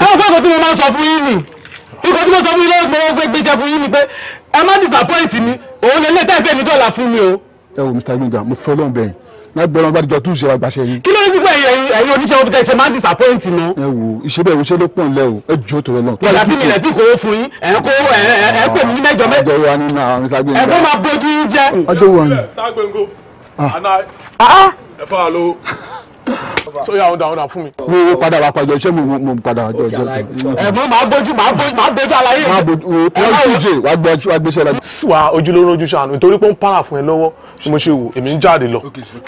ẹ wọ́n fẹ́ẹ́ kó tí mo máa sọ fún yín nì ikọ̀ tí mo sọ fún yín lọ́wọ́ gbogbo ẹgbẹ́ iṣẹ́ fún yín ni pé ẹ má disappoint mi òun lè lé tẹ́ẹ̀fẹ́ mi dọ́là fún mi o. ẹ wo Mr. Gbénga mo fẹ́ lọ́n bẹ́yìn náà gbọ́dọ̀ bá dijọ́ tún ìṣèwà gbàṣẹ yín. kí ló ní pípẹ́ ẹ̀yin oníṣẹ́ omi tẹ̀ ṣe máa ń disappoint nù. ẹ wo ìṣe bẹ́ẹ̀ ìṣe ló pọ̀ ńlẹ̀ o ẹ jù ó tòrọ lọ. ìgbà tí mi lè ti kówó fún yín ẹ̀ ń kó ẹ̀ pè mí mẹ́jọ mẹ́. ọjọ́ wa ni na Mr. Gbénga. ẹ máa bójú yín jẹ́. ọjọ́ wa ni. Mr. àlọ́ so yà ọ̀dà ọ̀dà fún mi. wo padà wà pàjọ iṣẹ́ mi mo padà wà jọjọ. ẹ mọ màá bójú màá bójú màá bójú àlàyé. màá bójú wo wọ́n jù jè wàá gbé wàá gbé iṣẹ́ lọ. wà ojúlówó ojú ṣàánú nítorí pé ń para fún ẹ lọ́wọ́ bí mo ṣe wò èmi ń jáde lọ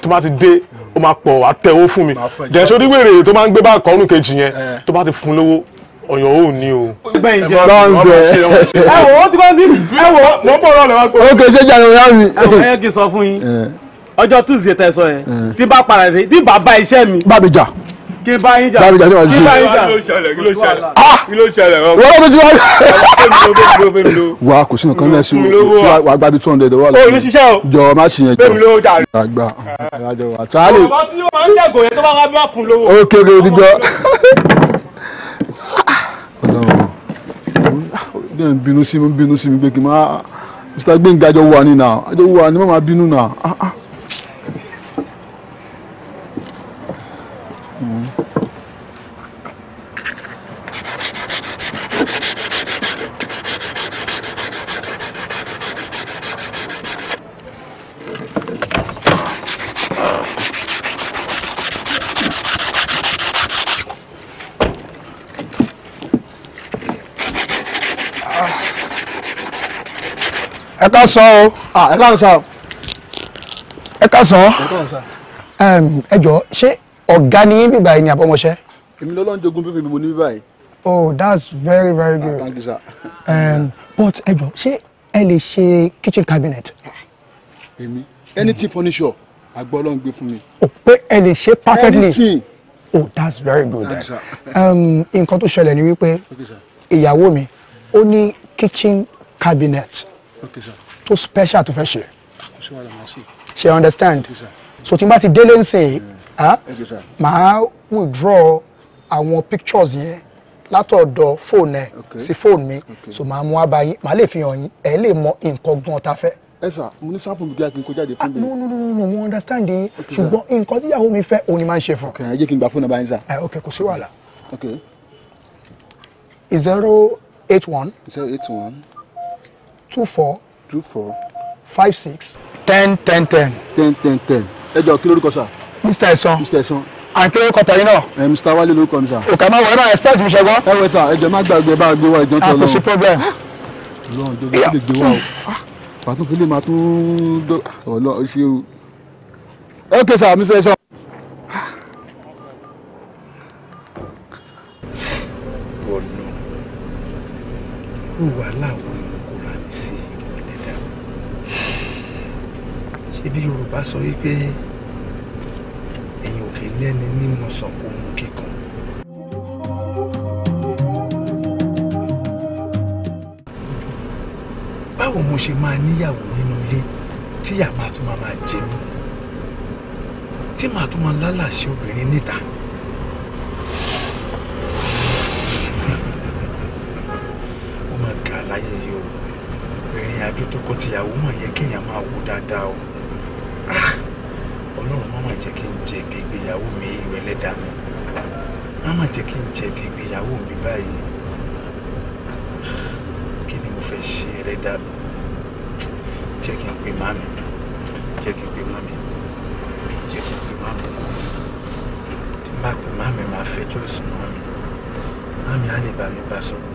tó bá ti dé ó máa pọ̀ wá tẹ̀wó fún mi jẹ́sọ́ dígbèrè tó máa ń gbé bá kọ́ọ̀nù kejì yẹn eh. tó bá ti fún lówó ọyọ ò ní o. ẹ wò ó ti bá ń ẹ wò ó mọ̀ ọjọ́ tuesday tẹ sọ yẹn tí bá para rẹ tí bá bá iṣẹ́ mi. bá mi jà kí bá yín jà kí bá yín jà kí ló ṣẹlẹ̀ ah! wọ́n ló ti wá. wà á kò sí nǹkan náà sí wàá gbádùn two hundred wà lọ́wọ́ jọ má sì yẹn jọ àgbà àjọ wà tálẹ̀. ọba tí wọ́n ń ṣẹ́gun yẹn tó bá wá bí wọ́n fún lówó. ó kéré dígbọ́. ọlọ́run dẹ́n bínú sí mi bínú sí mi pé kí n má Mr Gbénga jọ wà ní nà jọ wà ní má má bínú nà. ká sọ o. ẹ ká sọ. ẹ ká sọ. ẹ jọ ṣé ọ̀gá ni yín bíbá yìí ni àbọ̀mọṣẹ́. èmi lọ́lọ́ ń jogún fífi mi ní bíbá yìí. oh that's very very good. Ah, thank you sir. Um, but ẹ jọ ṣé ẹ lè ṣe kitchen cabinet. èmi anything furniture àgbọ̀ ọlọ́run gbé fún mi. o oh, pé ẹ lè ṣe perfectly. anything. oh that's very good. nǹkan tó ṣẹlẹ̀ ni wípé ìyàwó mi ó ní kitchen cabinet. Okay, sir tó special to fẹ́ ṣe ṣe understand so tí n bá ti délé ń sìn màá withdraw àwọn pictures yẹn látọ̀dọ̀ fóònù ẹ̀ sí fóònù mi so màá mú abá yín màá lè fi hàn yín ẹ̀ lè mọ nǹkan gan ta fẹ́. ẹ sà mo ní sample mi bí a kó jáde fún ah, mi. no no no no mo understand yín ṣùgbọ́n nǹkan tíyàwó mi fẹ́ òun ni máa ń ṣe fún. ok ẹ jẹ́ kí n gba fóònù abá sà. ẹ ok kò sí wàhálà. ok. zero eight one. zero eight one. two four two four five six ten ten ten. ten ten ten ẹ jọ kí lórúkọ sà. mr ẹ̀sán. mr ẹ̀sán. à ń kí lórúkọ tẹ̀yìn náà. mr wálé lórúkọ mi sà. òkè máa wọ ẹ máa expect mi ṣẹgbọn. ẹ wẹ sà ẹ jẹ má gbàgbé bá a gbé wa ìjọ tó ah, lọ. àkóso problem. Ọlọ́run jẹ kí lè gbé wa o pàtó fílẹ̀ máa tún ọlọ ṣe o. ok sà mr ẹ̀sán. wípé ẹ̀yin òkè lẹ́ni nímọ̀ sàn kó mú kíkan. báwo mo ṣe máa níyàwó nínú ilé tíyà máa tún máa máa jẹ mí tí màá tún máa lálàsí obìnrin níta. ó máa ga láyé yìí o ìrìn àjò tọkọtìyàwó mọ̀ yẹ kéèyàn máa wò dáadáa o má jẹ́ kí n jẹ̀bi ìgbéyàwó mi ìwẹ̀ lẹ́dà mi má má jẹ́ kí n jẹ̀bi ìgbéyàwó mi báyìí kí ni mo fẹ́ ṣe ẹlẹ́dà mi jẹ́ kí n pè má mi jẹ́ kí n pè má mi jẹ́ kí n pè má mi tí má pè má mi máa fẹjọ́ sùn mọ́ mi má mi á lè bá mi bá sọ̀rọ̀.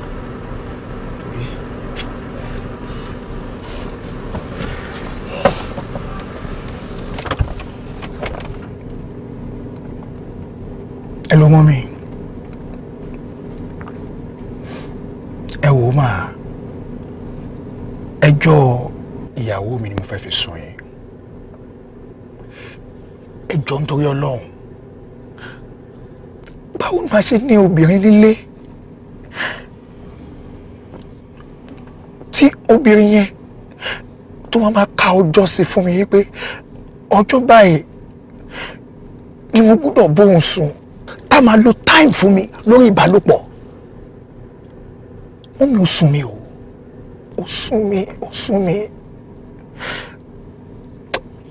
ẹjọ́ ìyàwó mi ni mo fẹ́ fi sùn yìí ẹjọ́ nítorí ọlọ́run báwo ni màá ṣe ní obìnrin nílé tí obìnrin yẹn tó máa máa ka ọjọ́ sí fún mi pé ọjọ́ báyìí ni mo gbọ́dọ̀ bóun sùn tá máa lo time fún mi lórí ìbálòpọ̀ wọ́n mi ò sùn mi o ó sún mi ó sún mi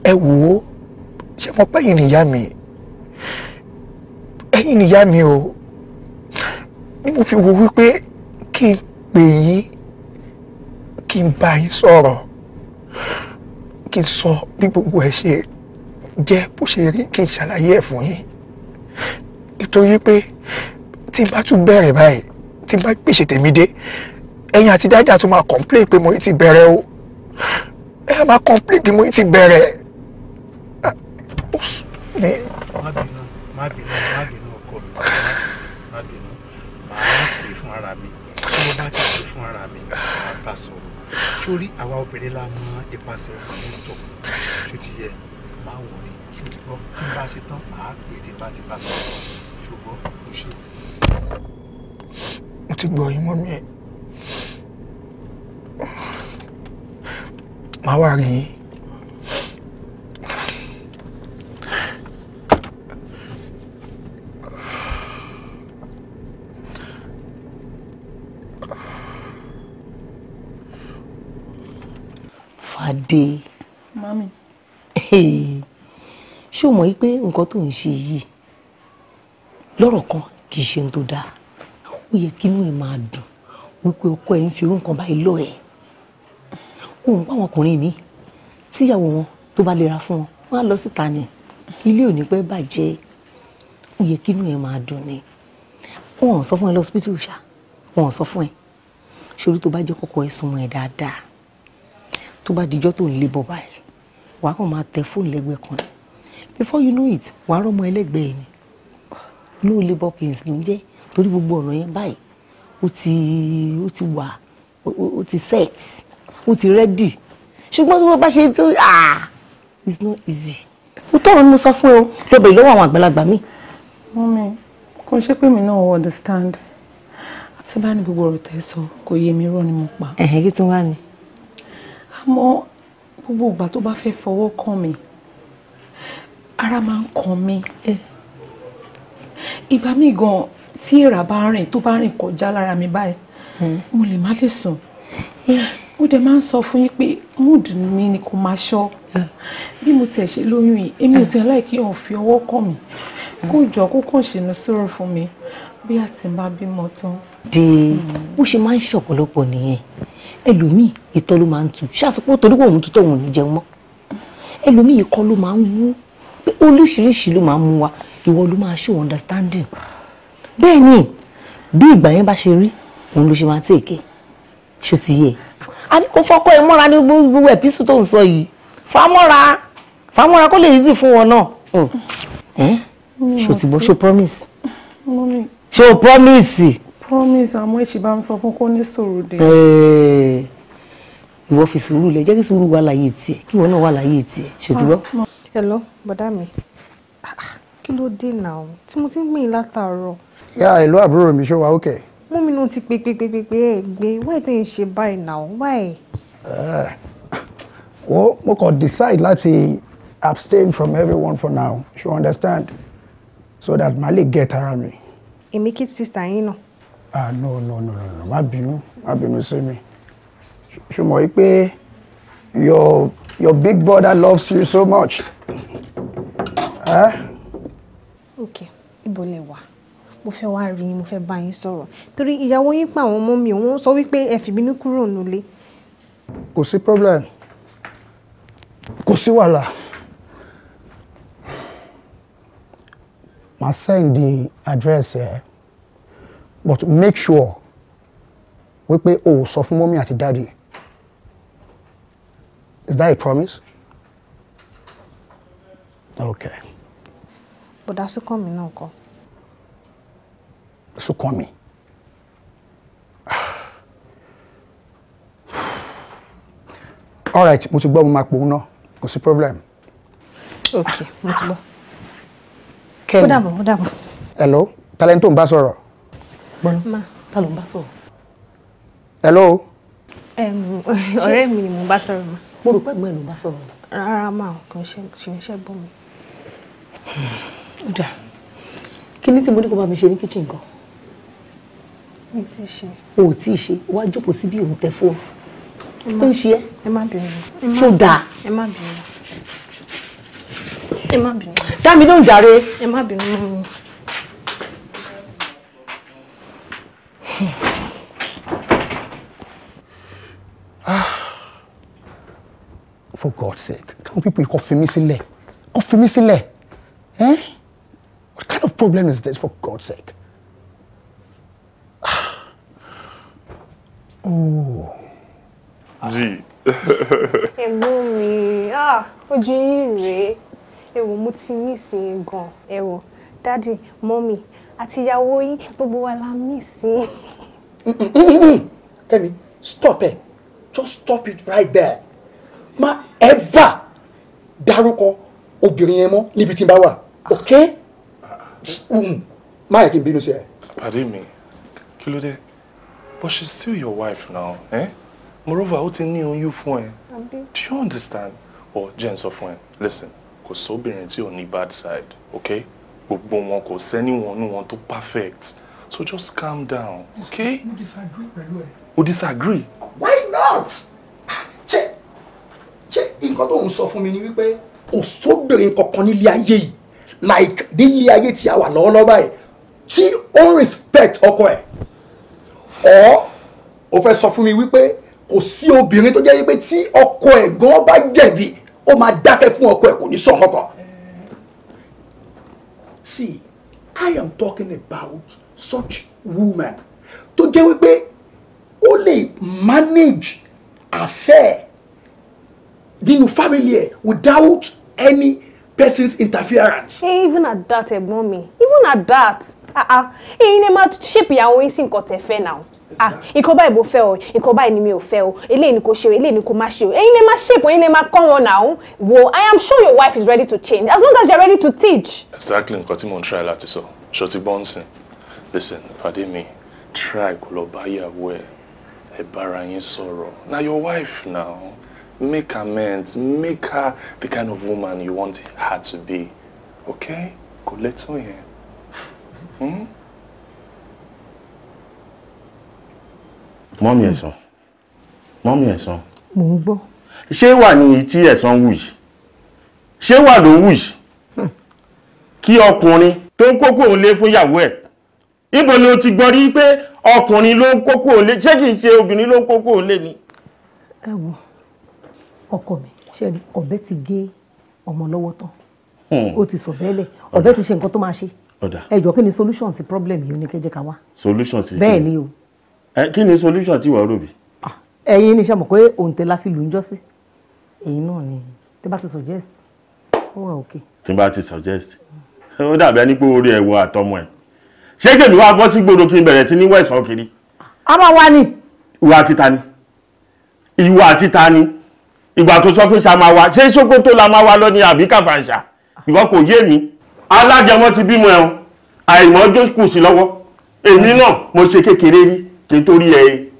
ẹ wò ó ṣe mọ pé ẹ̀yin nìyá mi ẹ̀yin nìyá mi o ni mo fi wo wípé kí n pè yín kí n bá yín sọ̀rọ̀ kí n sọ bí gbogbo ẹ ṣe jẹ́ bó ṣe rí kí n ṣàlàyé ẹ̀ fún yín nítorí pé tí n bá tún bẹ̀rẹ̀ báyìí tí n bá gbèsè tèmi dé ẹ̀yin àti dáadáa àti máa complain pé mo ti bẹ̀rẹ̀ o ẹ máa complain pé mo ti bẹ̀rẹ̀ ah, ó sùn má bínú má bínú má bínú ọkọ mi má bínú màá pè fún ara mi tí mo bá ti pè fún ara mi màá bá sọ̀rọ̀ sórí àwa obìnrin la mọ ipasẹ̀ ọkùnrin tó ṣó ti yẹ máa wò ni ṣó tí n bá ṣe tán màá pè tí n sọ̀rọ̀ ṣùgbọ́n kò ṣe. mo ti gbọ́ yín mọ́ mi ẹ̀ máa wá rí yín. fàdé. mami. ṣé o mọ̀ pé nǹkan tó ń ṣe yìí lọ́rọ̀ kan kì í ṣe ohun tó dáa ó yẹ kí inú ẹ̀ máa dùn wípé ọkọ ẹ̀ ń fi irú nǹkan báyìí lọ ẹ̀ òun pa àwọn ọkùnrin mi tíyàwó wọn tó bá lera fún wọn wọn á lọ síta ni ilé ò ní pẹ́ bàjẹ́ ó yẹ kínú ẹ̀ máa dùn ni wọn ò sọ fún ẹ lọ hospital ṣá wọn ò sọ fún ẹ ṣòro tó bá jẹ́ kọ́kọ́ ẹ súnmọ́ ẹ dáadáa tó bá dijọ́ tó ń lé bọ̀ báyìí wàá kàn máa tẹ fóònù lẹ́gbẹ̀ẹ́ kan before you know it wàá rọ́mọ ẹlẹ́gbẹ̀ẹ́ ni no labour pains ló ń jẹ́ torí gbogbo ọ̀rọ̀ yẹn báyìí ó ti ó ti wà ó ti set ó ti ready ṣùgbọ́n tí wọ́n bá ṣe tó ah it's not easy ó tọrọ ni mo sọ fún ẹ o lọ àwọn àgbàlagbà mi. mọ́mí kò ṣe pé mi náà understand àti bá ní gbogbo ọ̀rọ̀ tẹ́ sọ kò yé mi rọ́ ni mo pa. ẹ̀hìn kí tí wàá ní. àmọ́ gbogbo ìgbà tó bá fẹ́ fọwọ́ kàn mí ara máa ń kàn mí ìgbà míì gan-an tí èèrà bá rìn tó bá rìn kọjá lára mi báyìí hmm. mo lè má lè sùn mo dẹ̀ máa ń sọ fún yín pé mood mi ni kò máa ṣọ́ hmm. bí mo tẹ̀ ṣe lóyún yìí èmi ò hmm. tẹ̀ láì kí fi ọwọ́ kàn mí kó jọ kó kàn ṣèlú sọ̀rọ̀ fún mi bí àti bá bímọ tán. di bó ṣe máa ń ṣe ọ̀pọ̀lọpọ̀ nìyẹn ẹlòmíì ìtọ́ ló máa ń tu ṣàṣepọ̀ torí pé òun tutọ́ òun ní jẹun mọ́ ẹlòmíì ikọ́ ló máa ń wú pé oríṣiríṣi ló máa ń mú wa ìwọ ló máa ṣe understanding bẹ́ẹ̀ ni bí ìgbà yẹn bá ṣe rí òun ló ṣe máa tèké e. ṣó ti yẹ àní kò fọkọ ẹ mọ́ra ní gbogbo ẹ̀písù tó ń sọ yìí fàmọ́ra fàmọ́ra kó lè easy fún wọn náà hmm. ṣó ti gbọ́ ṣó promise ṣó promise. promise àmọ́ èsì bá ń sọ fún kó ní sòrò dé. ìwọ fi sùúrù lẹ jẹ́ kí sùúrù wà láyé tiẹ̀ kí ìwọ náà wà láyé tiẹ̀ ṣó ti gbọ́. hello bàdá mi ah, kí ló dé náà tí mo ti ń gbìyànjú látàárọ̀ yà ìlú àbúrò mi ṣó wa ókè. mú mi nu ti pé pé pé pé pé ẹ gbé wáì tó ń ṣe báyìí náà wáì. Eh, wo mo kàn decide láti abstain from everyone for now She understand so that màá lè get ara mi. èmi kí sísá yín náà. ah no no no no no má bínú má bínú sí mi ṣùgbọ́n wípé your your big brother loves you so much. Ah. okay ibo lè wà mo fẹ́ wá rí yín mo fẹ́ bá yín sọ̀rọ̀ torí ìyàwó yín pa àwọn ọmọ mi òun sọ wípé ẹ fìbínú kúrò nílé. kò sí problem kò sí wàhálà màá send the address ẹ eh? but make sure wípé o ò sọ fún mọ́mí àti dáàdì is that a promise? okay. bọ̀dá sọ́kàn mi náà kọ́ sunkún all right mo ti gbọ́ mo máa pòun náà kò sí problem. ok mo ti gbọ́. kẹ́mi ó dàbọ̀ ó dàbọ̀. hello talent tó ń bá sọ̀rọ̀. ma ta ló ń bá sọ̀rọ̀. hello. ọ̀rẹ́ mi ni mo bá sọ̀rọ̀ ma. mo rò pé ẹ̀gbọ́n ẹ̀ ló bá sọ̀rọ̀. rárá máa kàn ṣe iṣẹ́ gbọ́ mi. ó dà kí ni tí mo ní ko. bá mi ṣe ní kíchìn kan mi ti ṣe. o ò tí ì ṣe wá jókòó síbi òun tẹ fóònù ó ń ṣe ẹ. ẹ má bínú. dáa. ẹ má bínú. jàre. For God's sake, can people kó fi mí sílẹ̀? Kó fi mí Eh? What kind of problem is this, for God's sake? G. ẹ̀gbọ́n mi ojú ah, yìí rèé ẹ̀wò mo ti miss yín gan ẹ̀wò dádì mọ́mì àti ìyàwó yín gbogbo wa la miss yín. kẹ́mi stop ẹ̀ just stop it right there má ever dárúkọ obìnrin yẹn mọ́ níbi tí n bá wà ok má yẹ kí n bínú sí ẹ. pàdé mi kí ló dé. But she's still your wife now, eh? Moreover, ó ti ní oyún fún ẹ. Do you understand? Or Jen sọ fún ẹ, listen, kò sóbìnrin tí ò ní bad side, okay? Gbogbo wọn kò sẹ́ni wọn nú to perfect. So just calm down, okay? Mo disagree pẹ̀lú ẹ. O disagree? Why not? Che, che! nǹkan tó ń sọ fún mi ni wípé kò sóbìnrin kankan nílé ayé like nílé ayé tí a wà lọ́wọ́lọ́wọ́ báyìí tí ó respect ọkọ ọ́ o fẹ́ sọ fún mi wípé kò sí obìnrin tó jẹ́ wípé tí ọkọ ẹ̀ gan bá jẹ̀bi ó máa dákẹ́ fún ọkọ ẹ̀ kò ní sọ̀rọ̀ kan. see I am talking about such woman tó jẹ́ wípé ó lè manage affair nínú family ẹ̀ without any person's interference. Hey, even at that ẹ̀gbọ́n mi even at that èyí ah, ah, ni máa ṣèpìyàwó yín sí nǹkan tẹ̀fẹ́ náà ah nǹkan báyìí mo fẹ́ o nǹkan báyìí ni mi ò fẹ́ o eléyìí ni kò ṣe o eléyìí ni kò má ṣe o ẹ̀yin lè máa shape ẹ̀yin lè máa kọ́ wọn náà wo i am sure your wife is ready to change as long as you are ready to teach. exactly nǹkan tí mò ń try láti sọ ṣọtí bọ́ǹsìn listen pàdé mi try kó lọ bá ìyàwó ẹ ẹ bára yín sọ̀rọ̀ na your wife now make amends make her the kind of woman you want her to be okay kò lẹ́tọ̀ yẹn. Hmm? mọ́mí ẹ̀sán mọ́mí ẹ̀sán. mò ń gbọ́. ṣé wà ní tí ẹ̀sán wù yìí ṣé wà ló ń wù yìí hmm. kí ọkùnrin tó ń kókó òun lé fún ìyàwó ẹ̀ ibo ni o ti gbọ́ rí pé ọkùnrin ló ń kókó òun lé ṣé kìí ṣe obìnrin ló ń kókó òun lé ni. ẹ wo ọkọ mi ṣe ọ̀bẹ ti gé ọmọ lọ́wọ́ tán hmm. ó ti sọ bẹ́ẹ̀ lẹ̀ ọ̀bẹ ti ṣe nǹkan tó máa ṣe ẹ jọ kí ni solution sí problem yìí ó ní kẹjẹ ká wá solution sí bẹ́ẹ̀ ni o ẹ kí ni solution tí wàá rò bí. Ah, ẹ̀yin ní iṣẹ́ mọ̀ pé òǹtẹ̀ la fi lù ń jọ́sí èyí náà ni tí bá ti suggest ó wà òkè. tí bá ti suggest ó dàbí ẹni pé orí ẹ̀wọ̀ àtọmọ ẹ̀ ṣé kèmí wàá bọ́ sí gbòòrò kí n bẹ̀rẹ̀ sí ní wẹ̀sán kiri. a máa wá ni. ìwà àti ta ni ìwà àti ni ìgbà tó sọ pé ṣá máa wá ṣé Sókótó la máa wá lọ àbí Kàfàǹṣà ìwọ kò yé mi alájẹmọ ti bímọ ẹ̀hún àìmọ́jó kù sí lọ́wọ́ èmi náà mo ṣe kékeré rí kí n tó rí ẹyẹ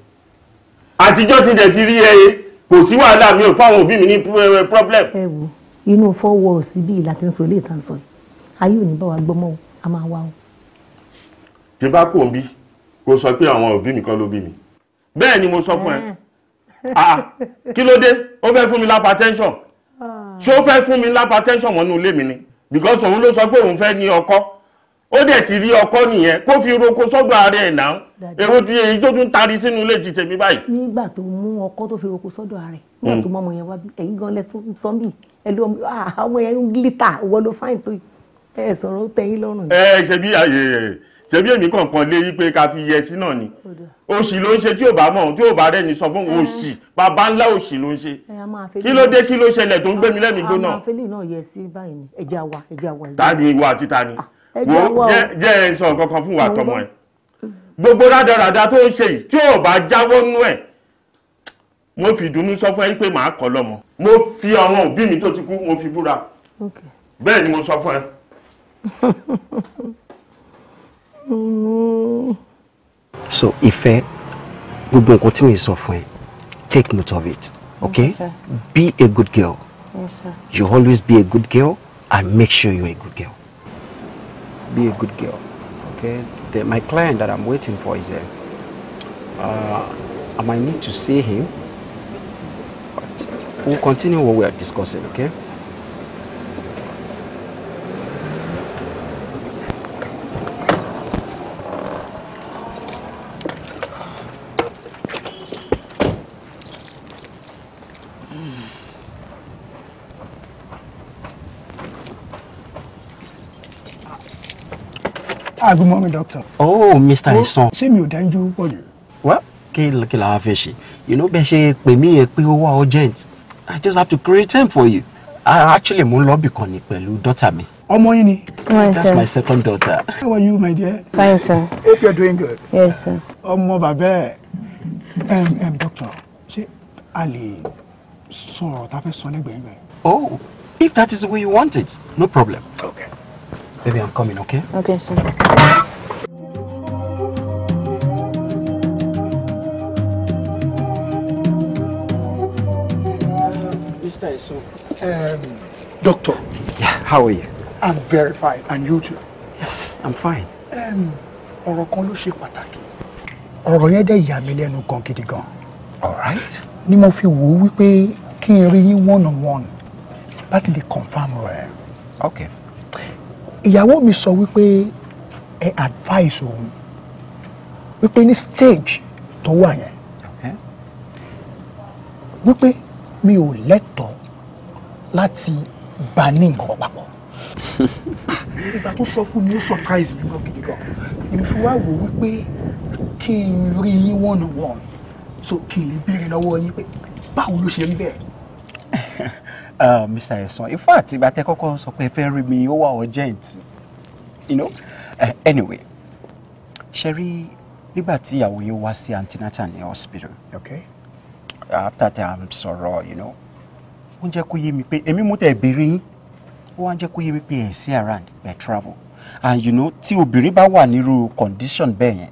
àtijọ́ ti dẹ̀ ti rí ẹyẹ kò sí wàhálà mi ò fáwọn òbí mi ní eh, eh, problem. ẹ wo inú fọwọ́ sí bíi láti ń sọ ilé ìtàn sọ yìí ayé ò ní bá wa gbọ́mọ́ o a máa wá o. tí n bá kò ń bí kó sọ pé àwọn òbí mi kọ́ ló bí mi bẹ́ẹ̀ ni mo sọ fún ẹ mm. ah, ah, kí ló dé ó fẹ́ fún mi lápá tẹ́ńsọ̀n ah. ṣé ó fẹ́ fún mi lápá tẹ́ńsọ̀n mọ́nú ilé mi ni because òun ló sọ pé òun fẹ́ ní ọkọ ó dẹ̀ ti rí ọkọ nìyẹn kó fi roko sọ́dọ̀ ààrẹ ẹ̀ náà èwo ti èyí tó tún tari sínú ilé ti tèmi báyìí. nígbà tó mú ọkọ tó fi roko sọ́dọ̀ ààrẹ nígbà hmm. tó mọ ọmọ yẹn wá bí ẹ̀yin gan lẹ́sùn sọ́mbì ẹ̀lú ọmọ yẹn gílítà wọ́n ló fáìn tó ẹ̀ sọ̀rọ̀ ó tẹ̀yìn lọ́rùn. ẹ ṣe bí àyè ṣebí èmi kọ̀ọ̀kan lé yí pé ká fi yẹsí náà ni òṣì ló ń ṣe tí ò bá mọ̀ tí ò bá rẹ́ni sọ fún ah. òṣì bàbá ńlá òṣì ló ń ṣe kí ló dé kí ló ṣẹlẹ̀ tó ń gbé mi lẹ́mìí ah, gbóná. àwọn afẹ́lẹ́ náà yẹ sí báyìí ẹja wa ẹja wa. ta ni ìwọ àti ta ni. Ah wo jẹ́ ẹ sọ nǹkan fún wa tọmọ ẹ gbogbo rádaràda tó ń ṣe yìí tí ò bá jáwọ́ nú ẹ̀ mo fi ìdùnnú sọ fún ẹ pé màá kọ́ lọ́mọ mo fi àwọn òbí mi tó ti kú mo fi búra bẹ́ẹ̀ ni mo sọ fún ẹ. Oh, so ìfẹ́ gbogbo nǹkan tí mo sọ fún ẹ take note of it okay yes, be a good girl yes, you always be a good girl and make sure you are a good girl. be a good girl. Okay, the, my client that I'm waiting for is there. Uh, I might need to see him, but we'll continue what we are discussing. Okay. Ah, good morning doctor. oh mr isan. Oh, ṣé mi ò dájú pọ̀ jù. well kí kí làwọn fẹ́ ṣe you know bẹ́ẹ̀ ṣe pè mí yẹn pé ó wà urgent i just have to create time for you I actually mo ń lọ́ọ̀bì kan ní pẹ̀lú dọ́tà mi. ọmọ yín ni. that's my second daughter. how are you my dear. fine sir. hope you are doing good. yes sir. ọmọ bàbá ẹ ẹm doctor ṣé a lè sọ̀rọ̀ tá a fẹ́ sọ lẹ́gbẹ̀ẹ́ yẹn. oh if that is the way you want it no problem. okay. Baby, I'm coming, okay? Okay, sir. Mr. Iso. Um, doctor. Yeah, how are you? I'm very fine. And you too? Yes, I'm fine. Um, ọ̀rọ̀ kan ló ṣe pàtàkì. Ọ̀rọ̀ yẹn dẹ̀ yà mí lẹ́nu gan gidi gan. All right. Ni mo fi wò ó wípé kí n rí yín one on one láti lè confirm rẹ̀. Okay ìyàwó mi sọ wípé ẹ advice òun wípé ní stage tó wà yẹn wípé mi ò lẹ́tọ̀ọ́ láti bá ní nǹkan papọ̀ ìgbà tó sọ fún mi ó surprise mi gan gidi gan èmi fi wá wò wípé kí n rí yín one on one so kí n lè béèrè lọ́wọ́ yín pé báwo ló ṣe rí bẹ́ẹ̀. Uh, Mr. Ẹ̀sán in fact ìgbà tẹ́ kọ́kọ́ sọ pé ẹ fẹ́ rí mi ó wà urgent you know uh, anyway ṣe rí nígbà tí ìyàwó yìí wá sí antenatal ní hospital okay. after that i'm sọ̀rọ̀ you know wọ́n jẹ́ kó yé mi pé èmi mú tẹ̀ béèrè yín wọ́n jẹ́ kó yé mi pé ẹ̀ sí around ẹ̀ travel and you know tí obìnrin bá wà nírú condition bẹ́ẹ̀ yẹn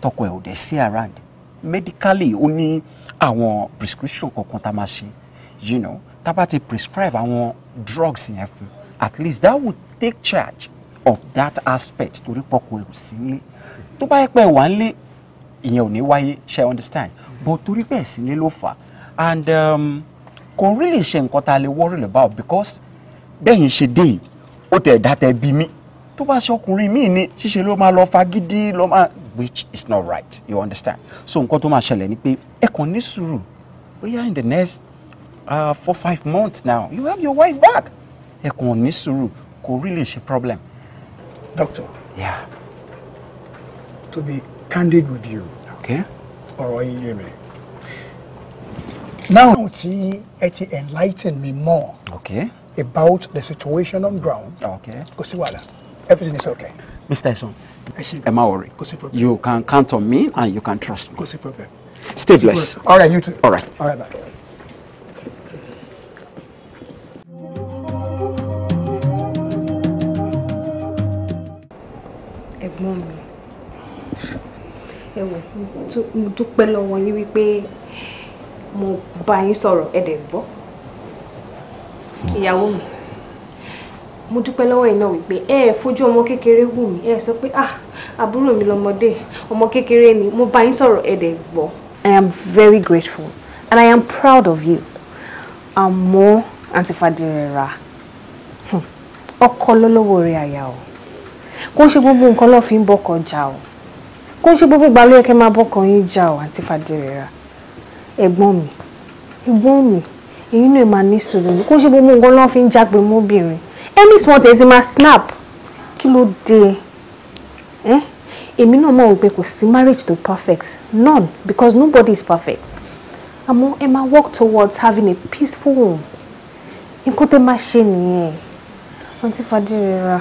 tọkọ ẹ̀ ò dẹ̀ sí around medically ó ní àwọn prescription kankan tá a máa ṣe you know tá bá ti prescribe àwọn drugs yẹn fún at least that would take charge of that aspect torí pọkọ ẹrù sí nílé tó bá yẹ pé wà ń lé ìyẹn ò ní wáyé ṣe understand but torí pé ẹ̀sìn lé ló fà and um, kò really ṣe nǹkan tá a lè worry about because bẹ́yìn ṣe dé yìí ó tẹ̀ dá tẹ̀ bí mi tó bá ṣe ọkùnrin míì ni ṣíṣe ló máa lọ fagídí ló máa which is not right you understand so nǹkan tó máa ṣẹlẹ̀ ni pé ẹ kàn ní sùúrù bóyá in the next uh, four five months now you have your wife back ẹ kàn ní sùúrù kò really a problem. doctor. yeah. to be candid with you. okay. ọ̀rọ̀ yín yé now see, ẹ ti enlighten me more. okay. about the situation on ground. okay. kò sí wàhálà everything is okay. mr eson ẹ má worry you can count on me and you can trust me. stay blessed. all right you too. all right. all right bye. mo dúpẹ́ lọ́wọ́ yín wípé mo bá yín sọ̀rọ̀ ẹ̀dẹ̀ gbọ́ ìyàwó mi mo dúpẹ́ lọ́wọ́ yín náà wípé ẹ fojú ọmọ kékeré wù mí ẹ sọ pé ah àbúrò mi lọmọdé ọmọ kékeré ni mo bá yín sọ̀rọ̀ ẹ̀dẹ̀ gbọ́. I am very grateful and I am proud of you àmọ́ àǹtí Fàdírẹ̀rà hmm, ọkọ lọ́lọ́wọ́ rẹ̀ àyà o kò ń ṣe gbogbo nǹkan lọ́ọ́ fi ń bọ́kọ̀ jà o kó ṣe gbogbo ìgbà ló yẹ kẹ́ máa bọ́kàn yín jà ọ́ àti Fàdérera ẹ̀gbọ́n mi ẹ̀gbọ́n mi èyí náà máa ní sùúrù ni kó ṣe gbogbo nǹkan lọ́n fi ń jágbe mọ́bìnrin any small thing ti máa snap kí ló dé ẹ́ èmi náà mọ̀ wípé kò sí marriage to perfect none because nobody is perfect àmọ́ ẹ máa work towards having a peaceful home nǹkan tẹ́ máa ṣe nìyẹn àǹtí Fàdérera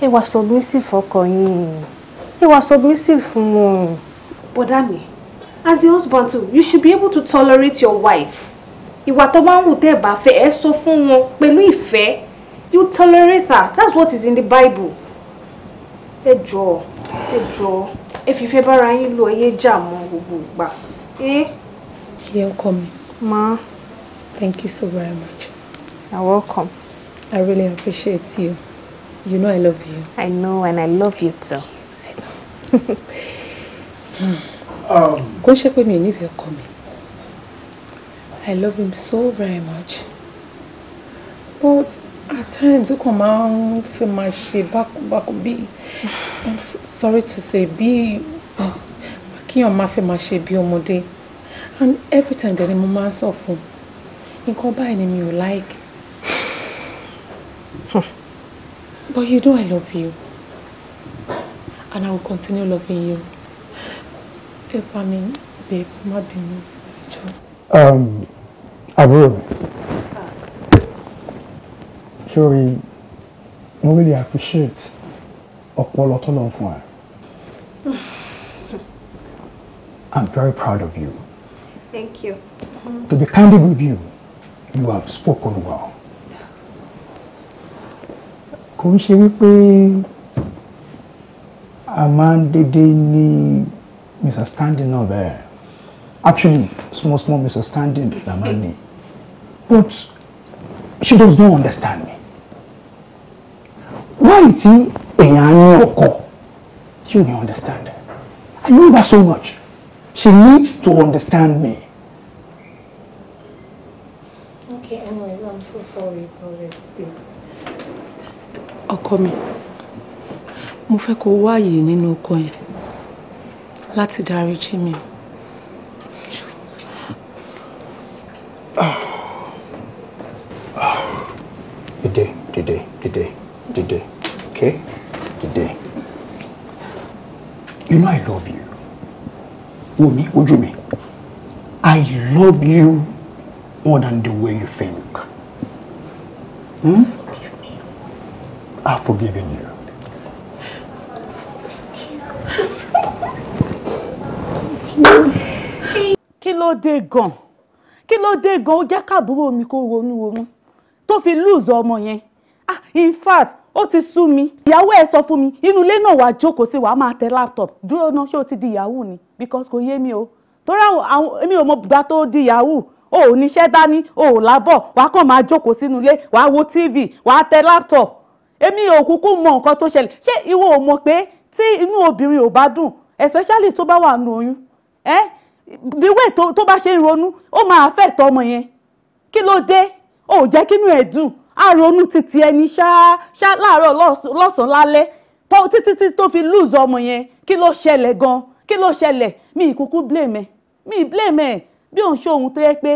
ẹ wá submissive ọkọ yín. He was submissive fún wọn. Bọ̀dá as the husband too, you should be able to tolerate your wife. Ìwà tó bá ń hù tẹ́ bá fẹ́ ẹ sọ fún wọn pẹ̀lú ìfẹ́. You tolerate her. That's what is in the Bible. Ẹ jọ̀ọ́, ẹ jọ̀ọ́, If you bára yín lò ẹ yé jà mọ́ gbogbo ìgbà. Eh? You're coming. Ma. Thank you so very much. You're welcome. I really appreciate you. You know I love you. I know, and I love you too. kò ń ṣe pé mi ò nífẹ̀ẹ́ ọkọ mi I love him so very much but at times ó kàn máa ń fi máa ṣe bákúbákú bí I'm sorry to say bí kíyàn máa fi máa ṣe bí ọmọdé and every time dẹ̀ ni mo máa ń sọ fún nǹkan báyìí ni mi ò like but you know I love you and I will continue loving you. Help me, babe, má bínú. Um, àbúrò mi. Sorry, mo really appreciate ọpọlọ tó lọ fún ẹ. I'm very proud of you. Thank you. To be candid with you, you have spoken well. Kò ń a máa ń dédé ní misunderstanding náà bẹ́ẹ̀ actually small small misunderstanding la máa ń but she does not understand me why tí èèyàn á ní ọkọ tí ò ní understand I know that so much she needs to understand me. Okay, anyways, I'm so sorry for thing. Ọkọ mi mo fẹ́ kó wáyè nínú oko yẹn láti dáríjì mi. dìde dìde dìde dìde okay dìde you know i love you wò mí ojú mi i love you more than the way you think hmm? i've forgiven you. kí ló dé gan kí ló dé gan ó jẹ́ káàbúrò mi kó ronú ronú tó fi lùzọ ọmọ yẹn ah in fact ó ti sú mi ìyàwó ẹ sọ fún mi inú ilé náà wàá jókòó sí wàá máa tẹ laptop dúró náà ṣé o ti di yahoo ni because kò yé mi o torí àwọn èmi ò mọ bùgbà tó di yahoo o ò níṣẹ́ dání o ò lábọ̀ wàá kàn máa jókòó sínú ilé wàá wo tv wàá tẹ laptop èmi ò kúkú mọ nǹkan tó ṣẹlẹ̀ ṣé ìwọ ò mọ̀ pé tí inú obìnrin ò bá dùn especially tó bá wà nù oyún ẹ bí wẹ́ẹ̀ tó bá ṣe ń ronú ó máa affect ọmọ yẹn kí ló dé ò jẹ́ kínú ẹ̀ dùn á ronú títí ẹni ṣáá ṣáá láàárọ̀ lọ́sàn-án lálẹ́ títí tí tó fi lose ọmọ yẹn kí ló ṣẹlẹ̀ gan kí ló ṣẹlẹ̀ mi ìkúkú blame ẹ̀ mi blame ẹ̀ bí òun ṣe ohun tó yẹ pé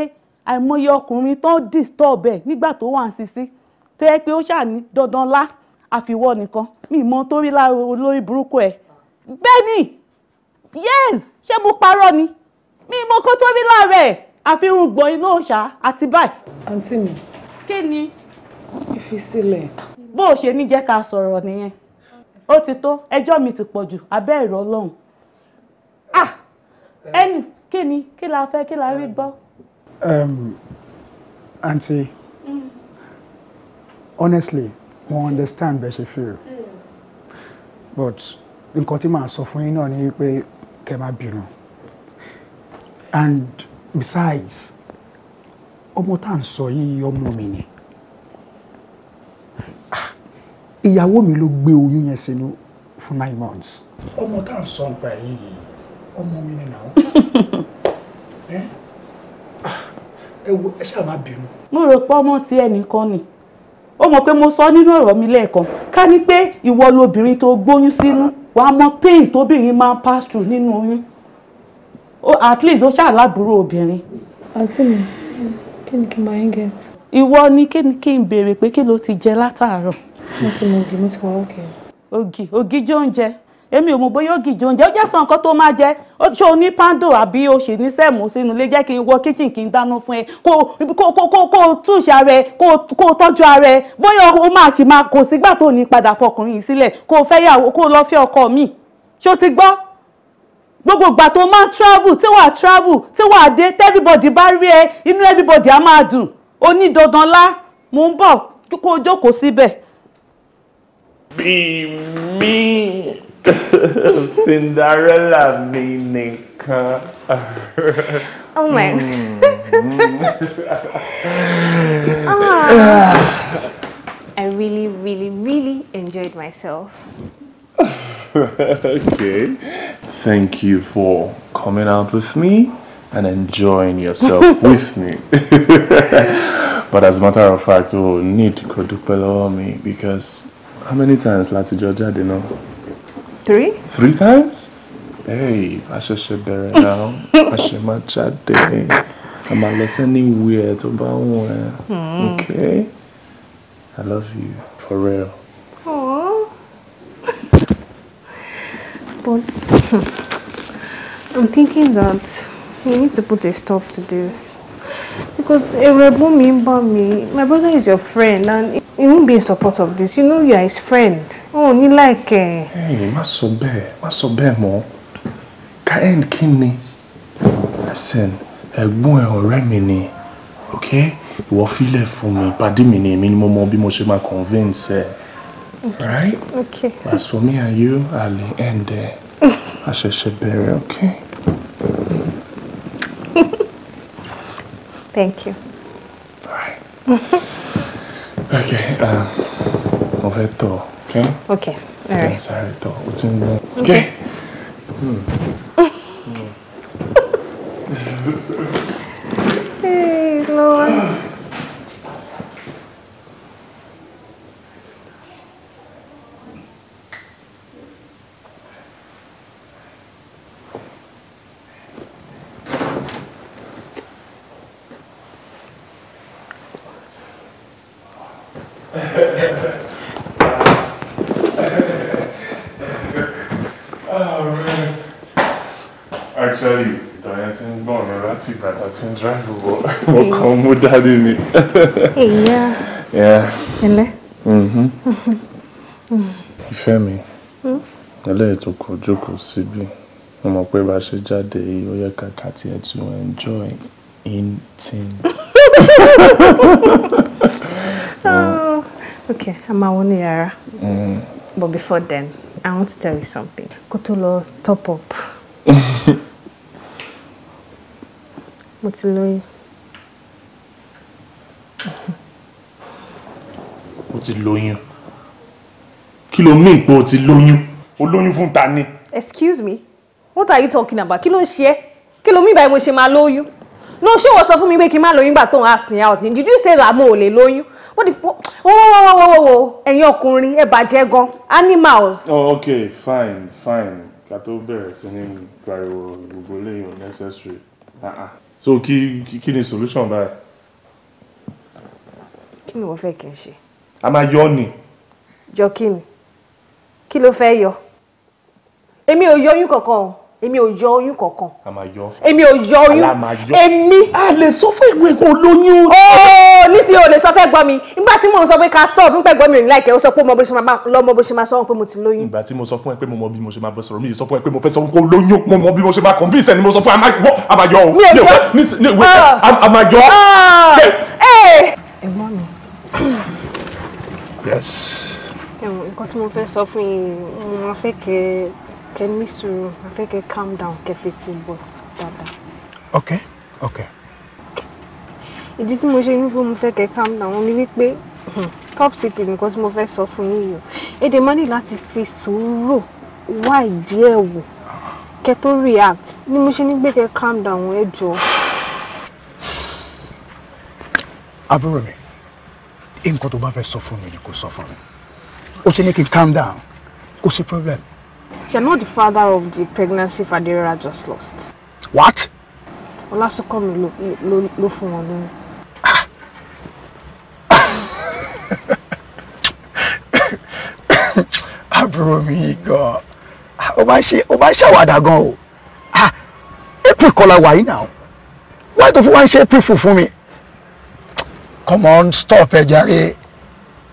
àìmọye ọkùnrin tó ń disturb ẹ̀ nígbà tó wà ń sisi tó yẹ pé ó ṣàní dandan lá àfiwọ́ nìkan mi ìmọ̀ tó rí lára olórí burúkú ẹ̀ bẹ́ẹ̀ ni yes ṣé mo parọ́ ni mi mo kó tó rí láàárẹ̀ àfihàn gbọ̀n iná òòṣà àti báyìí. àǹtí mi. kí ni. ìfi sílẹ̀. bó o ṣe ní jẹ́ ká sọ̀rọ̀ nìyẹn ó ti tó ẹjọ́ mi ti pọ̀ jù abẹ́ ìrọ̀ ọlọ́run. ah ẹnu kí ni kí la fẹ́ kí la rí gbọ́. àǹtí mm. honestly mo understand bẹ́ẹ̀ ṣe feel mm. but nǹkan tí màá sọ fún yín náà ni wípé kẹ́ má and besides ọmọ tá à ń sọ yìí ọmọ mi ni ah, ìyàwó mi ló gbé oyún yẹn sínú fún nine months. ọmọ tá à ń sọ nípa èyí ọmọ mi ni náà eh? ah, ẹ wo ẹ ṣáà má bínú. mo rò pé ọmọ tí ẹnìkan ni ó mọ̀ pé mo sọ nínú ọ̀rọ̀ mi lẹ́ẹ̀kan ká ní pé ìwọ lobìnrin tó gbóyún sínú wà á mọ pains tóbìnrin máa ń pass through nínú oyún at least ó ṣàlábùrò obìnrin. àǹtí mi kí ni kí n máa ń get. ìwọ ni kí ni kí n béèrè pé kí ló ti jẹ látàárọ̀. mo ti mọ ògì mo ti wá ògì. ògì ògì jẹ oúnjẹ èmi ò mọ̀ bóyá ó gìjì oúnjẹ ó jẹ́ sọ nǹkan tó máa jẹ ṣé o ní pando àbí o ṣì ní sẹ́ẹ̀mù sínú ilé jẹ́ kí n wọ kíchìn kí n dáná fún ẹ kó kó kó kó o túṣe ara ẹ kó o tọ́jú ara ẹ bóyá o máa ṣì máa kò sígbà tó ní padà fọkùnrin yìí sílẹ̀ kó o fẹ́ yàwó kó o lọ fẹ́ ọkọ mi ṣé o ti gbọ́ gbogbo ìgbà tó máa travel tí wàá travel tí wàá dé tẹ́rìbọ̀dì bá rí ẹ inú everybody á máa dùn onídandanlá mò ń bọ̀ kó o jókòó síbẹ̀. bí mi. Cinderella me nìkan. oh my. Mm. ah. I really, really, really enjoyed myself. okay. Thank you for coming out with me and enjoying yourself with me. but as a matter of fact, we need to will need me because how many times Lati Georgia did you know? Three? Three times? Hey, I should share better now. I should my chat day. I'm not listening weird about one. Mm. Okay? I love you. For real. but I'm thinking that we need to put a stop to this. Because ẹ̀rù ẹ̀bùn mi ń my brother is your friend and he won't be in support of this. You know you are his friend. Oh, ní láìkẹ́. Ẹ̀yìn Hey, sọ bẹ́ẹ̀, má sọ bẹ́ẹ̀ mọ́. Kain kí ni? Listen, ẹ̀gbọ́n ẹ̀ ọ̀rẹ́ mi ni, okay? Ìwọ fílẹ̀ fún mi, pàdé mi ni èmi ni mo mọ bí mo ṣe máa convince Right? Okay. As for me and you, I'll end there. I should, say, bury, okay? Thank you. All right. okay. Uh, o b e t o Okay. Okay. All right. されとおつんの。Okay. okay. うん。うん hmm. hmm. ti ń dráìvù bọ̀ kàn mú dáadé mi. ẹlẹ. ìfẹ́ mi hmm? ẹlẹ́yìí tó jókòó síbí mo mọ̀ pé bá a ṣe jáde yìí ó yẹ kàkà tí ẹ tún enjoy intin. oh, okay, I'm out in yàrá. Mm. But before then, I want to tell you something. Kó tó lọ top up. mo ti lóyún. o ti lóyún kí ló mí pé o ti lóyún o lóyún fún ta ni. excuse me what are you talking about kí ló ń ṣe ẹ́ kí ló mí báyìí mo ṣe máa lóyún no ṣé wọ́n sọ fún mi pé kí n má lóyún gbà tó ń ask me out did you say that mo ò lè lóyún what the wo wo wo wo wo wo ẹ̀yin ọkùnrin ẹ bàjẹ́ gan animals. oh okay fine fine ká tó bẹ̀rẹ̀ sí ní pariwo gbogbo eléyìí unnecessary. Uh -uh so kí kí ni solution báyìí. kí ni mo fẹ́ kí n ṣe. a máa yọ ni. yọ kí ni kí ló fẹ́ yọ èmi ò yọyún kankan o èmi ò yọ oyún kankan èmi ò yọ oyún èmi. a lè sọ fún ìwé kó lóyún. ooo nísìnyí o lè sọ fẹ́ gbọ́ mi nígbà tí mò ń sọ pé ká stop nígbà gbọ́ mi ò ní láìkẹ́ ó sọ pé mo lọ́mọ bó ṣe máa sọ wọn pé mo ti lóyún. ìgbà tí mo sọ fún ẹ pé mo mọ bí mo ṣe máa bọ sọ̀rọ̀ mi yìí sọ fún ẹ pé mo fẹ́ sọ kó lóyún mo mọ bí mo ṣe máa convince ẹ ni mo sọ fún ẹ àmàjọ o mi ò fẹ́ àmàjọ. ẹ̀gbọ́n mi. yes. nǹkan tí mo fẹ́ sọ fún yín mo máa fẹ́ kẹ́ kẹ́ ní sùúrù afẹ́ kẹ́ calm down kẹ́ fi ti bọ̀ dáadáa. ok ok. ìdí tí mo ṣe ní pé mo fẹ́ kẹ́ calm down ni wípé top secret nǹkan tí mo fẹ́ sọ fún yín yìí èdè máa ní to fi sùúrù wá ìdí ẹ̀ wò kẹ́ tó react ni mo ṣe ní pé kẹ́ calm down ẹ jọ. àbúrò mi nǹkan tó bá fẹ́ sọ fún mi ni kò sọ fún mi ó ti ní kí n calm down kò sí problem You're not the father of the pregnancy Fadera just lost. What? Olasokomi ló ló ló fún wọn lóyún. Àbúrò mi gan. Ó bá ṣe ó bá ṣàwàdà gan o. Ah, April kọ́lá wà yìí náà. Wáyé tó fi wá ń pre April me? Come on, stop ẹ jàre.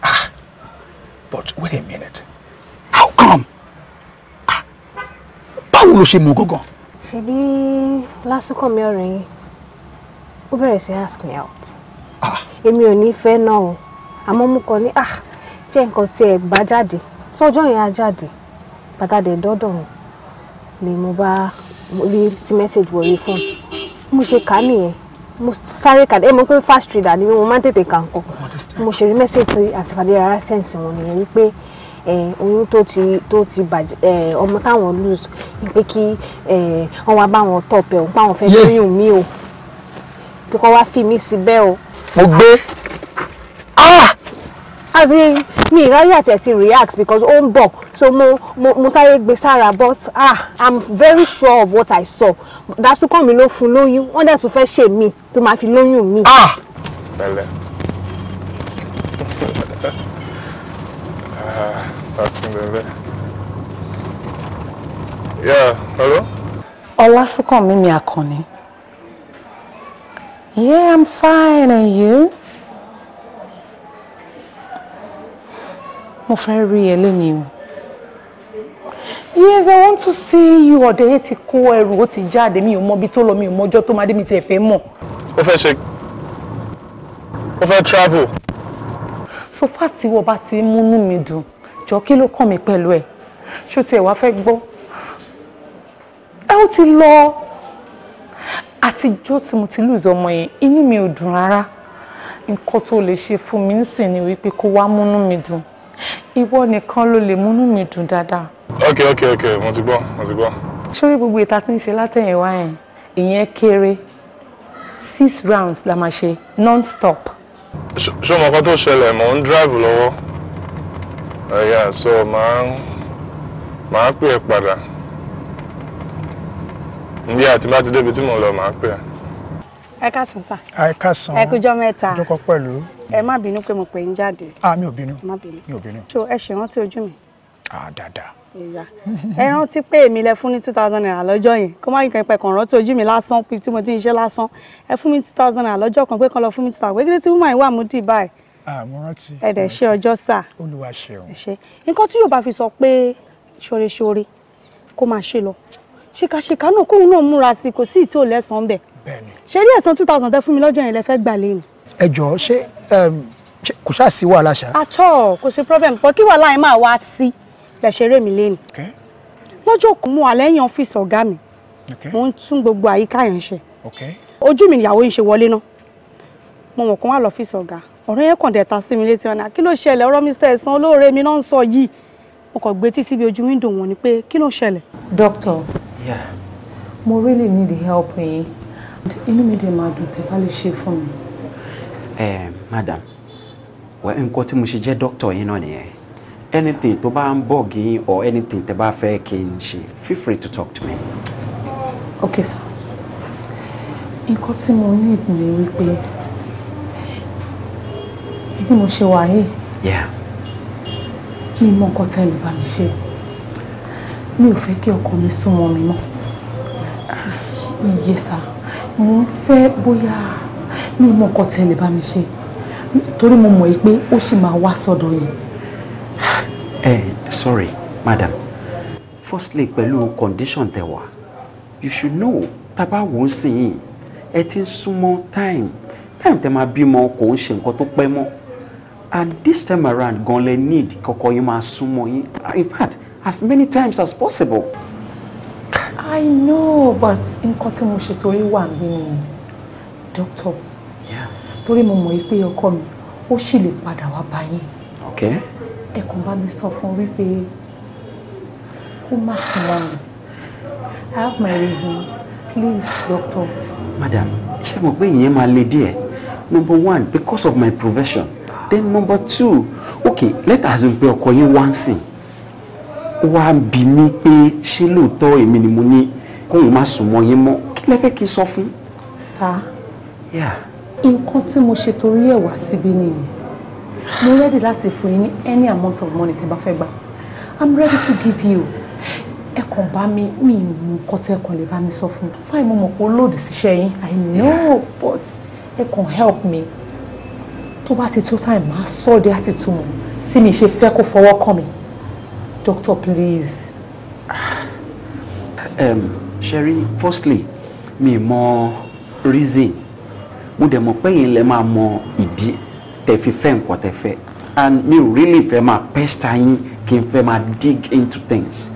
Ah, but wait a minute. How come? báwo ló ṣe mọ̀ gangan. ṣebí lásìkò mi ọ̀rẹ́ yín ó bẹ̀rẹ̀ sí ask me out ah. èmi ò ní fẹ́ náà o àmọ́ mo kàn ní ah jẹ́ nǹkan tí ẹ bá jáde tọ́jọ́ yẹn á jáde bàtà dẹ̀ dọ́dọ̀ ni mo bá rí ti message wọlé fún mo ṣe kà á nìyẹn mo sáré kà ẹ mọ̀ pé fast trader ni mo máa ń tètè kà nǹkan oh, mo ṣe rí message pé àtìpàdé rárá sẹ́ǹsì wọn nìyẹn wípé oyún tó ti tó ti bàjẹ́ ọmọ táwọn lose pé kí wọ́n wá bá wọn tọ̀ pẹ̀ òun páwọn fẹ́ lóyún mi o pé kọ́ wá fi mí síbẹ̀ o. mo gbé ah! as in mi ìráyè àti ẹ̀ ti react because ó ń bọ̀ so mo mo mo sáré gbé sára but ah i'm very sure of what i saw dasukan mi ló fún lóyún wọ́n dẹ̀ tún fẹ́ ṣe mí tó máa fi lóyún mi. Ah! bẹ́lẹ̀ Asking them Yeah, hello? Olasukanmi mi akoni. Yeah, I'm fine, and you? Mo fẹ́ rí ẹ lónìí Yes, I want to see you. Or the eti ko ẹrù, ó ti jáde, mi ò mọ ibi tó lọ, mi ò mọ ọjọ́ tó máa dé, mi ti ẹ̀ fẹ́ mọ̀. Ó fẹ́ ṣe ó fẹ́ travel. So far tí wọ́n bá ti múnú mi dùn jọ kí ló kàn mí pẹ̀lú ẹ̀ ṣó tiẹ̀ wá fẹ́ gbọ́ ẹ ó ti lọ àtijọ́ tí mo ti lùzọ ọmọ yẹn inú mi ò dùn rárá nǹkan tó lè ṣe fún mi nsìn ni wípé kó wá múnú mi dùn ìwọ nìkan ló lè múnú mi dùn dáadáa. ok ok ok mo ti gbọ́ mo ti gbọ́. sórí gbogbo ìta tí ń ṣe látẹ̀yìnwá yẹn ìyẹn kéré six rounds la máa ṣe non-stop. ṣé ọmọ kan tó ṣẹlẹ̀ mò ń drive lọ́wọ́ ẹ̀yà sọ máa ń máa pè é padà ní àti bá ti débi tí mò ń lọ máa pè é. ẹ káàsán sà. ẹ káàsán ẹ kújọ mẹ́ta. lóko pẹ̀lú. ẹ má bínú pé mo pè ń jáde. a ah, mi ò bínú mi ò bínú. so ẹ ṣèrántí ojú mi. a ah, dáadáa. ìyá ẹ rántí pé èmi lẹ fún ní two thousand naira lọ́jọ́ yẹn kó má yíkan ìpẹ̀kàn rántí ojú mi lásán tí mo ti ń ṣe lásán ẹ fún mi two thousand naira lọ́jọ́ kan pé kan lọ fún mi two thousand pé kí tí wúmọ̀ yìí wà mú dì báyìí àmọ́ ah, rántí. ẹ dẹ̀ ṣe ọjọ́ sà. olúwa ṣeun. ẹ ṣe nǹkan tí yóò bá fi sọ pé ṣoreṣore kó máa ṣe lọ ṣèkàṣèkà náà kóun náà múra sí kò sí ìtò lẹ́sàn-án bẹ̀. bẹ́ẹ̀ni. ṣe rí ẹ̀sán two thousand tẹ́ fún mi lọ́jọ́ yẹn lẹ fẹ́ gbà lẹ́yìn. ẹ jọ̀ọ́ ṣé kò ṣáà sí wàhálà ṣá. àtọ kò sí problem pọ kí wàhálà yẹn máa wá sí lẹ ṣe eré mi lẹ́nu. lọ́jọ́ kan mo wà lẹ́yìn ọ́fíìsì ọ̀gá mi mo ń tún gbogbo àyíká yẹn ṣe ojú mi ìyàwó yìí ṣe wọlé náà mo mọ̀ kó wà lọ́fíìsì ọ̀gá ọ̀rọ̀ yẹn kàn dẹ̀ta sí mi létí wọn náà kí ló ṣẹlẹ̀ ọ̀rọ̀ Mr. Ẹ̀sán olóore mi náà ń sọ yìí mo kàn gbé títí bí ojú wíńdò wọn ni pé kí ló ṣẹlẹ̀. doctor yeah. mo really need help yín inú mi dẹ̀ máa dùn tẹ́ bá lè ṣe fún mi. Eh, madam wẹ nǹkan tí mo ṣe jẹ́ doctor yín náà nìyẹn anything tó bá ń bọ̀ gín or anything tẹ́ bá fẹ́ kí n ṣe feel free to talk to me. okay sir nǹkan tí mo need ni wípé bí mo ṣe wà yìí mi mọ nǹkan tẹ́ lè bá mi ṣe mi ò fẹ́ kí ọkọ mi súnmọ́ mi mọ́ iye sá mo ń fẹ́ bóyá mi mọ nǹkan tẹ́ lè bá mi ṣe torí mo mọ̀ pé ó sì máa wá sọ́dọ̀ yìí. ẹ eh, sorry madam firstly pẹ̀lú condition tẹ wà you should know tábà wò ó sìn yìí ẹ ti ń súnmọ́ time time tẹ máa bímọ kò ń ṣe nǹkan tó pẹ́ mọ́ and this time around gan need kọ́kọ́ yín máa súnmọ́ yín in fact as many times as possible. I know but nǹkan tí mo ṣe torí wà mí doctor torí mo mọ̀ pé ọkọ mi ó sì lè padà wá bá yín. Okay. ẹ kàn bá mi sọ fún wípé kó má sìn wá I have my reasons please doctor. madam ṣé mo pé ìyẹn máa le díẹ̀ number one because of my profession then number two okay let us pe ọkọ yín wá ń sìn ó wá bí mi pé ṣé lóòótọ́ èmi ni mo ní kóun má sùn mọ́ yín mọ́ kí lẹ fẹ́ kí n sọ fún. sá nǹkan tí mo ṣe torí ẹ̀ wá síbí nìyẹn mo ready láti fún yín ní any amount of money tẹ́ bá fẹ́ gbà i'm ready to give you ẹ kàn bá mi mi mú nǹkan tẹ́ kàn lè bá mi sọ fún un fáìmù mọ̀ pé ó lòdì síṣẹ́ yín i know but ẹ kàn help me tó bá ti tó time máa sọ ọ́ di àtìtú mu tí mi ṣe fẹ́ kó fọwọ́ kàn mí doctor please. Um, Sherry firstly mi mọ reason mo dẹ̀ mọ̀ pé yín lẹ máa mọ ìdí tẹ́ fi fẹ́ nǹkan tẹ́ fẹ́ and mi ò really fẹ́ máa pester yín kí n fẹ́ máa dig into things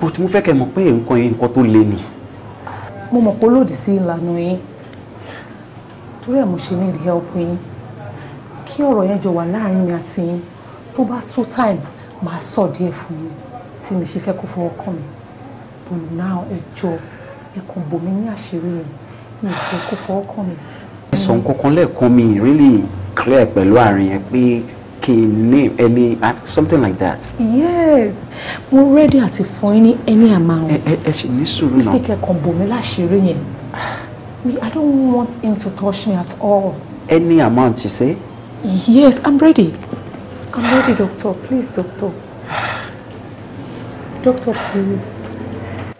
but mo fẹ́ kẹ́ mọ̀ pé nǹkan yín nǹkan tó le ni. mo mọ̀ pé ó lòdì sí ìlànà yín torí ẹ̀ mo ṣe ní ìdí help yín kí ọ̀rọ̀ yẹn jọ wà láàrin mi àti yín tó bá tó time màá sọ díẹ̀ fún yín tí mi ṣe fẹ́ kó fọwọ́ kàn mí but now ẹ jọ ẹ kàn bò mí ní àṣírí yẹn mi ò fẹ́ kó fọwọ́ kàn mí. ẹ̀sọ̀ nǹkankan lẹ́ẹ̀kan mi really clear pẹ̀lú àárín yẹn pé kí n name any something like that. yes mo ready àti fún yín ní any amount. ẹ ẹ ẹ ṣì ní sùúrù náà. pípẹ́ kàn bò mí láṣírí yẹn. Ah. I don't want him to touch me at all. Any amount you say? Yes, I'm ready. I'm ready, doctor. Please, doctor. Doctor, please.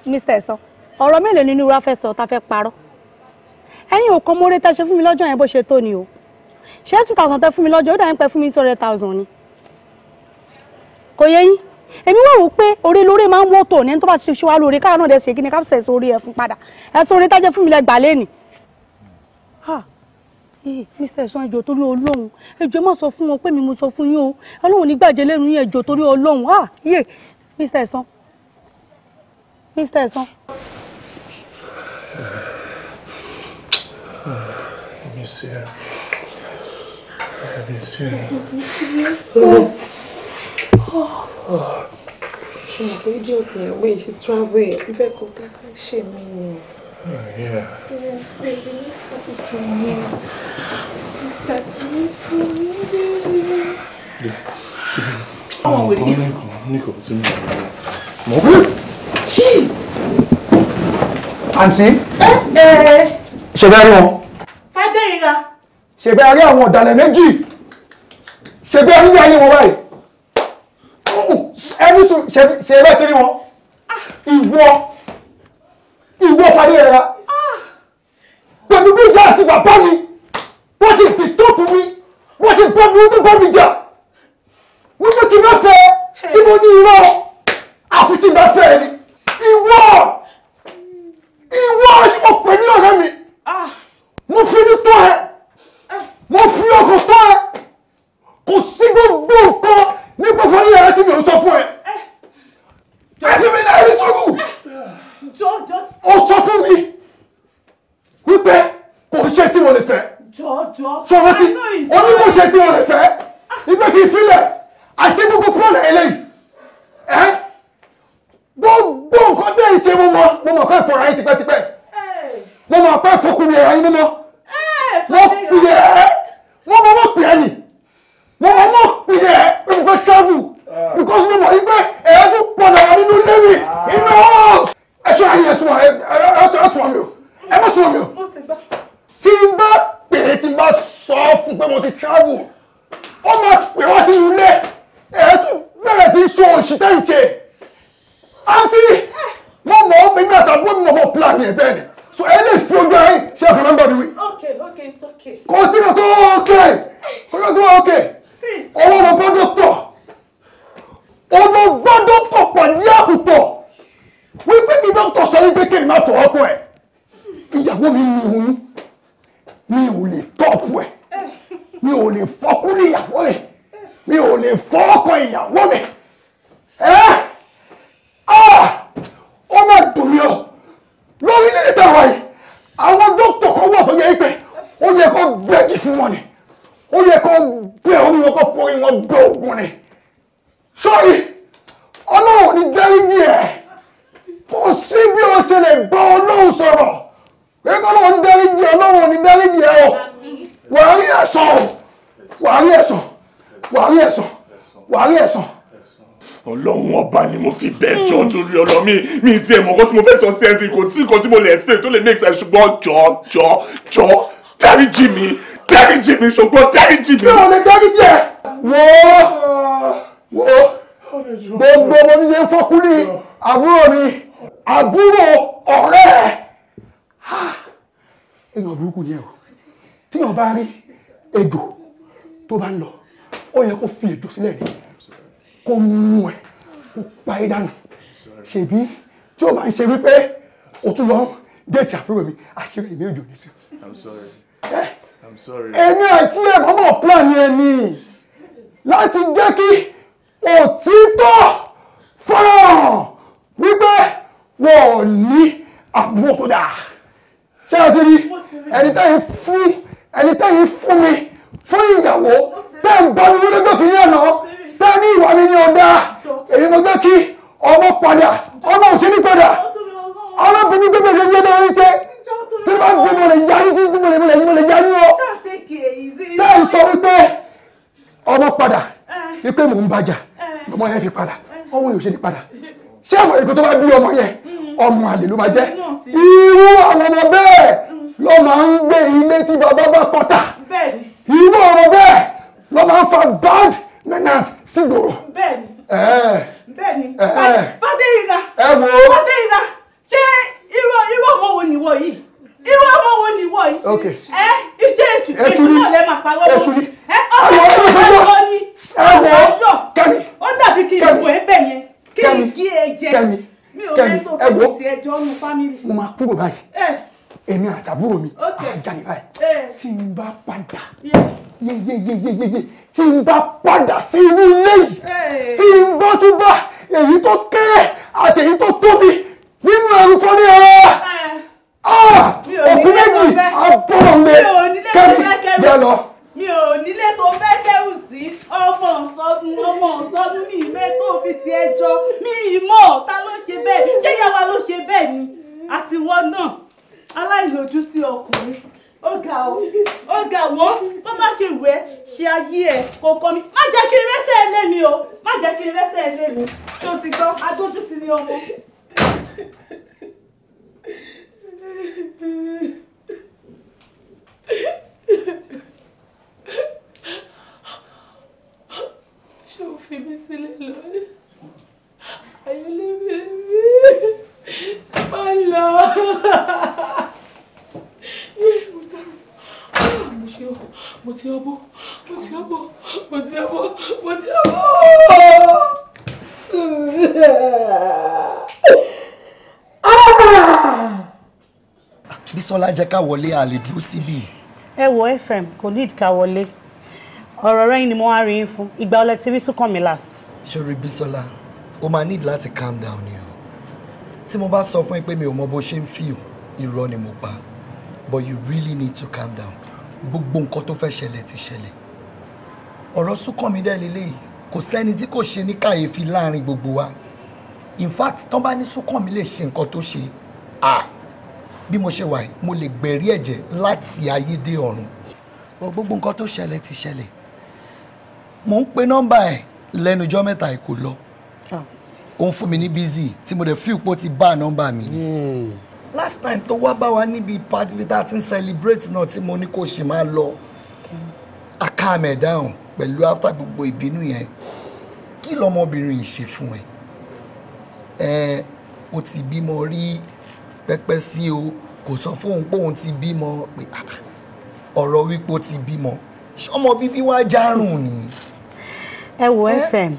Mr. Ẹ̀sán, ọ̀rọ̀ mélòó nínú irú afẹ́ sọ ta fẹ́ parọ́? Ẹ̀yin ò kọ́ mórè tẹ́ ṣe fún mi lọ́jọ́ yẹn bó ṣe tó ni o. Ṣé two thousand tẹ́ fún mi lọ́jọ́ ó dà ń pẹ́ fún mi two hundred thousand ni? Kò yẹ yín. Èmi wò ó pé orí lórí máa ń wọ́ tò ní tó bá ṣe ṣíwá lórí káà náà dẹ̀ ṣe kí ni ká fẹ̀sẹ̀ sórí ẹ̀ fún padà. Ẹ̀sùn orí tájẹ́ fún mi lẹ gbà lẹ́nìí. Eh, Mr. Sanjo torí Ọlọ́run ẹjọ́ má sọ fún wọn pé mi mo sọ fún yín o Ọlọ́run ní gbàjẹ́ lẹ́nu yín ẹjọ́ torí Ọlọ́run ah yé Mr. San Mr. San. Monsieur Monsieur Monsieur ah, ṣe mọ̀ pé idiot yẹn wẹ́ẹ̀ ṣe travel ẹ̀ fẹ́ kó dákẹ́ ṣe mí ni. Oh, yeah. Yes, baby, let's start it from here. Let's start it from here, baby. Yeah. Come on with it. Nico, Nico, it's me. Jeez! Àǹtí? Ṣé bẹ́ẹ̀ rí wọn? Fádé ìra. Ṣé bẹ́ẹ̀ rí àwọn ọ̀dàlẹ̀ méjì? Ṣé bẹ́ẹ̀ rí ayé wọn báyìí? Ẹnu sùn, ṣe bẹ́ẹ̀ ti rí wọn? Ìwọ ìwọ fàdé rẹ ra pẹ̀lú bí ìyá àti bàbá mi wọ́n sì dìstọ́pù mi wọ́n sì bọ́ mi wọ́n bọ́ mi jà wọ́n mú kí n bá fẹ́ tí mo ní irọ́ àfi tí n bá fẹ́ ni ìwọ ìwọ tí mo pè ní ọ̀rẹ́ mi mo fi ní tọ́ ẹ mo fi ọkọ̀ tọ́ ẹ kò sí gbogbo nǹkan nípa fọ́nrí ẹ̀rẹ́ tí mi ò sọ fún ẹ. ẹ fi mi náà rí sọ́kù. jọjọ ó sọ fún mi wípé kò ṣe tí mo lè fẹ́ ṣọwọ́ tí ó ní kò ṣe tí mo lè fẹ́ ah. ìgbé kì í filẹ̀ àṣẹ gbogbo kúrò lẹ́yìn lẹ́yìn ẹ́ gbogbo nǹkan tẹ́ ìṣe mo mọ mo mọ̀ pé ìfọ̀rọ̀ ayé tipẹ́tipẹ́ mo mọ̀ pé ìfọkùnrin ẹ̀rọ ayé mímọ́ mo pè é mo mọ̀ mo pè é nì mo mọ̀ mo pè é pé mo fẹ́ travel ah. because mo mọ̀ yí pé ẹ̀ẹ́dún pọ̀ náà nínú lẹ́yìn inú house ẹ ṣọ́ra yín ẹ súnmọ́ ẹ ẹ súnmọ́ mi o ẹ má súnmọ́ mi o tí n bá pè é tí n bá sọ fún pé mo ti travel ó máa pè wá sí ilé ẹ tún bẹ̀rẹ̀ sí sọ òṣì tẹ́ ń ṣe àǹtí mo mọ̀ ọ́ mi náà tàbí mo mọ̀ plan yẹn bẹ́ẹ̀ ni so ẹ lè fi ojú ẹ ṣe ọkàn máa ń bọ̀ mi wí. okay okay it's okay. kò sí ọkọ ọkẹ kò sí ọkọ ọkẹ. ó woman torí ọlọ mi mi ti ẹ̀ mọ̀kọ́ tí mo fẹ́ sọ sí ẹ̀sìn kò tí nǹkan tí mo lè explain tó lè make sense ṣùgbọ́n jọ jọ jọ dáríjì mi dáríjì mi ṣùgbọ́n dáríjì mi. kí ló lè dáríjì ẹ. wo wo gbogbo ọmọ mi yẹn fọkún ní àbúrò mi àbúrò ọ̀rẹ́ ẹ̀ èèyàn burúkú ni ẹ o tíyàn bá rí ejò tó bá ń lọ ó yẹ kó fi ejò sílẹ̀ ni kó mú ẹ kó pa é dànù ṣèbí tí ó máa ń ṣe wípé o tún lọ déètì àbúrò mi àṣírí èmi ò jò ní tú. èmi àti ẹ̀gbọ́n mọ̀ plan yẹn ni láti jẹ́ kí òtítọ́ fọ́nrán wípé wọ́n ò ní àbúrò tó dáa ṣé o ti rí ẹni tẹ́yìn fún ẹni tẹ́yìn fún mi fún ìyàwó tẹ́ ń bọ́ mi wúlé gbòkè ní ọ̀nà tẹ́ ní ìwà mi ní ọ̀dà èyí mo gbé kí ọmọ padà ọmọ òsínì padà ọlọ́bìnrin gbẹgbẹ lè yé lórí tẹ tí wọ́n gbé mo lè yarí tí mo lè mo lè mo lè yarí o tẹ́ ń sọ wípé ọmọ padà wípé mò ń bàjà ọmọ yẹn fi padà ọmọ yẹn ò ṣe ní padà ṣé àwọn èkó tó bá bí ọmọ yẹn ọmọ àlè ló máa jẹ́ irú àwọn ọmọ bẹ́ẹ̀ ló máa ń gbé ilé tí bàbá bá kọta irú ọmọ bẹ́ẹ̀ ló máa ń fa bad menace sí gbòòrò bẹ́ẹ̀ni eh, fàdéyìnà eh. ẹ wo fàdéyìnà ṣé irú irú ọmọ wo nìwọ yìí irú ọmọ wo nìwọ yìí ẹ iṣẹ́ èṣù èṣù náà lẹ máa parọ́ mọ́ ẹ ọmọ ọmọ ni ọmọ ọjọ́ ó dàbí kí n wọ ẹ̀bẹ̀ yẹn kí n kí ẹ jẹ mi ò lè tó ti ẹjọ́ nu fámìlì. mo máa kúrò báyìí. Eh èmi àtàbúrò mi àjáde báyìí eh. tí n bá padà yeyeyeyeye tí n bá padà sí inú ilé yìí eh. tí n bá tún bá èyí tó kéré àti èyí tó tóbi nínú ẹrù fọ́nrí ẹ̀rọ eh. ah! òkú méjì abọ́rọ̀ mi kẹ́mi yẹ lọ. mi ò nílé tó fẹ́ dẹ́rù sí ọmọ ọ̀sọ́dún ọmọ ọ̀sọ́dún mi ìfẹ́ tó fi ti ẹjọ́ mi ìmọ̀ ta ló ṣe bẹ́ẹ̀ ṣé yàrá ló ṣe bẹ́ẹ̀ ni àtiwọ́ náà aláìlójútì ọkùnrin ó ga ọ ó ga wọ bó bá ṣe wẹ ṣe ayé ẹ kò kọ mi má jẹ́ kí n rẹ́sẹ̀ ẹ lé mi o má jẹ́ kí n rẹ́sẹ̀ ẹ lé mi tó ti gbọ́ adójú ti ní ọmọ. ṣé o fi mi sílẹ̀ lọ́rẹ́ ayọ̀lẹ́bẹ̀ẹ́ mi má lọ. mo ti ọbọ mo ti ọbọ mo ti ọbọ mo ti ọbọ. Bísọ́lá jẹ́ ká wọlé a lè dúró síbí. ẹ wo FM. kò ní ìdíkà wọlé ọ̀rọ̀ rẹ̀ ni mo wá rí fún ìgbà ọlẹ́tí bí sùn kàn mí last. ṣé o rí Bísọ́lá o máa need láti calm down ni tí mo bá sọ fún ẹ pé mi ò mọ bó ṣe ń feel irọ́ ni mo pa but you really need to calm down gbogbo nǹkan tó fẹ́ ṣẹlẹ̀ ti ṣẹlẹ̀ ọ̀rọ̀ Súnkànmí dẹ̀ lélẹ́yìí kò sẹ́ni tí kò ṣe ní kàyéfì láàrin gbogbo wa in fact tán bá ní Súnkànmí lè ṣe nǹkan tó ṣe ah bí mo ṣe wà mo lè gbẹ̀rí ẹ̀jẹ̀ láti ayé dé ọ̀run gbogbo nǹkan tó ṣẹlẹ̀ ti ṣẹlẹ̀ mò ń pe nọ́mbà ẹ̀ lẹ́nu ọjọ́ mẹ́ta ẹ̀ kò lọ. Ah ó ń fún mi ní busy tí mo dẹ̀ fi ìpò ti bá nọ́mbà mi ni. Hmm. last time tó wá bá wa níbi party bí tá ti ń celebrate náà tí mo ní kó ṣe máa lọ a calm ẹ̀ down pẹ̀lú after gbogbo ìbínú yẹn kí lọmọbìnrin yìí ṣe fún ẹ ẹ o ti bímọ rí pẹpẹ sí o kò sọ fóun pé òun ti bímọ pé ah, ah, ọ̀rọ̀ wípé o ti bímọ ṣọmọ bíbí wá járùn ni. ẹ wo fm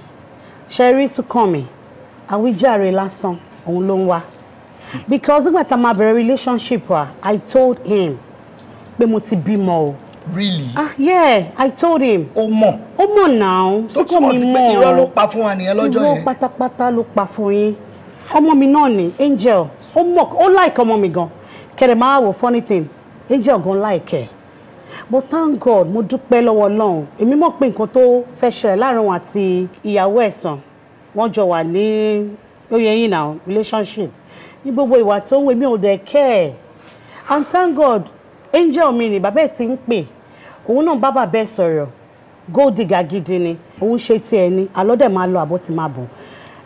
ṣe rí sùkànmí àwíjàre lásán òun ló ń wá because nígbà tá a máa bẹ̀rẹ̀ relationship wa i told him pé mo ti bímọ o. really ah yeah i told him. ó mọ̀ ó mọ̀ náà tó túmọ̀ sí pé irọ́ ló pa fún wa nìyẹn lọ́jọ́ yẹn. irọ́ pátápátá ló pa fún yín ọmọ mi náà ni angel ó mọ̀ ó like ọmọ mi gan kẹrẹ máa wò funny thing angel gan like ẹ but thank god mo dúpẹ́ lọ́wọ́ ọlọ́run èmi mọ̀ pé nǹkan tó fẹ́ ṣẹlẹ̀ láàrin wọn àti ìyàwó ẹ̀sán wọ́n jọ wà ní lóye yín náà relationship ní gbogbo ìwà tó ń wé mi ò dẹ̀ kẹ́ ẹ̀ and thank God angel mi ni bàbá ẹ̀ ti ń pè òun náà bá bàbá ẹ̀ sọ̀rọ̀ gold digger gidi ni òun ṣe tiẹ̀ ni àlọ́dẹ̀ máa lọ àbọ̀ ti máa bọ̀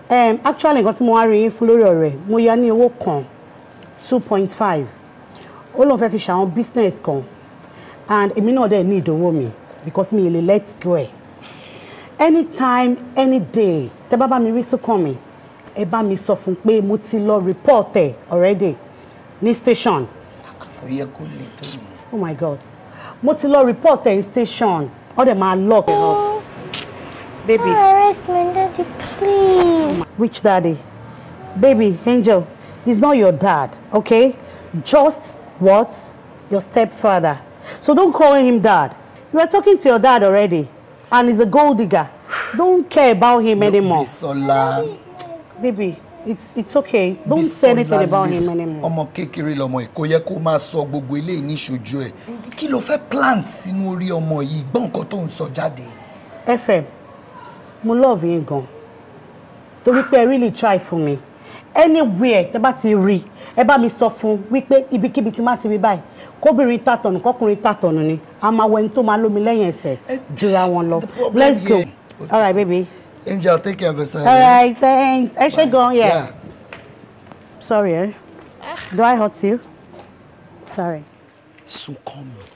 um, actually nǹkan tí mo wá rí yín fún lórí ọ̀rẹ́ mo yá ní owó kan two point five ó lóun fẹ́ fi ṣàwọn business kan and èmi náà dẹ̀ ní ìdòwò mi because mi ì lè let go ẹ̀ anytime any day tẹ bá bá mi rí sùkàn mi ẹ bá mi sọ fún pé mo ti lọ report ẹ already ní station. kò yẹ kó lè tó yẹn. oh my god mo ti lọ report ní station ọ dẹ̀ máa lock ẹ baby. oh arrest my daddy please. which oh daddy baby angel he's not your dad okay just what your stepfather so don't call him dad you are talking to your dad already and he's a gold digger Don't care about him no, anymore. Bisola. Baby, it's it's okay. Don't Bisola say anything about him anymore. Ọmọ kékeré lọmọ ẹ̀ kò yẹ kó máa sọ gbogbo eléyìí ní ṣojú ẹ̀. Kí lo fẹ́ plant sínú orí ọmọ yìí gbọ́ nǹkan tó ń sọ jáde? FM, mo love yín gan. Torí pé ẹ really try for me. Anywhere tẹ bá ti rí ẹ bá mi sọ fún wípé ibikíbi tí má ti rí báyìí kóbìnrin tàtọ̀nù kọkùnrin tàtọ̀nù ni a máa wẹni tó máa lómi lẹ́yìn ẹsẹ̀ jura wọn lọ. Let's go. Yeah all right baby. angel take care of yourself. all right thanks ẹ ṣe Yeah. yẹ. sorry eh? do I hurt you? sorry. So come.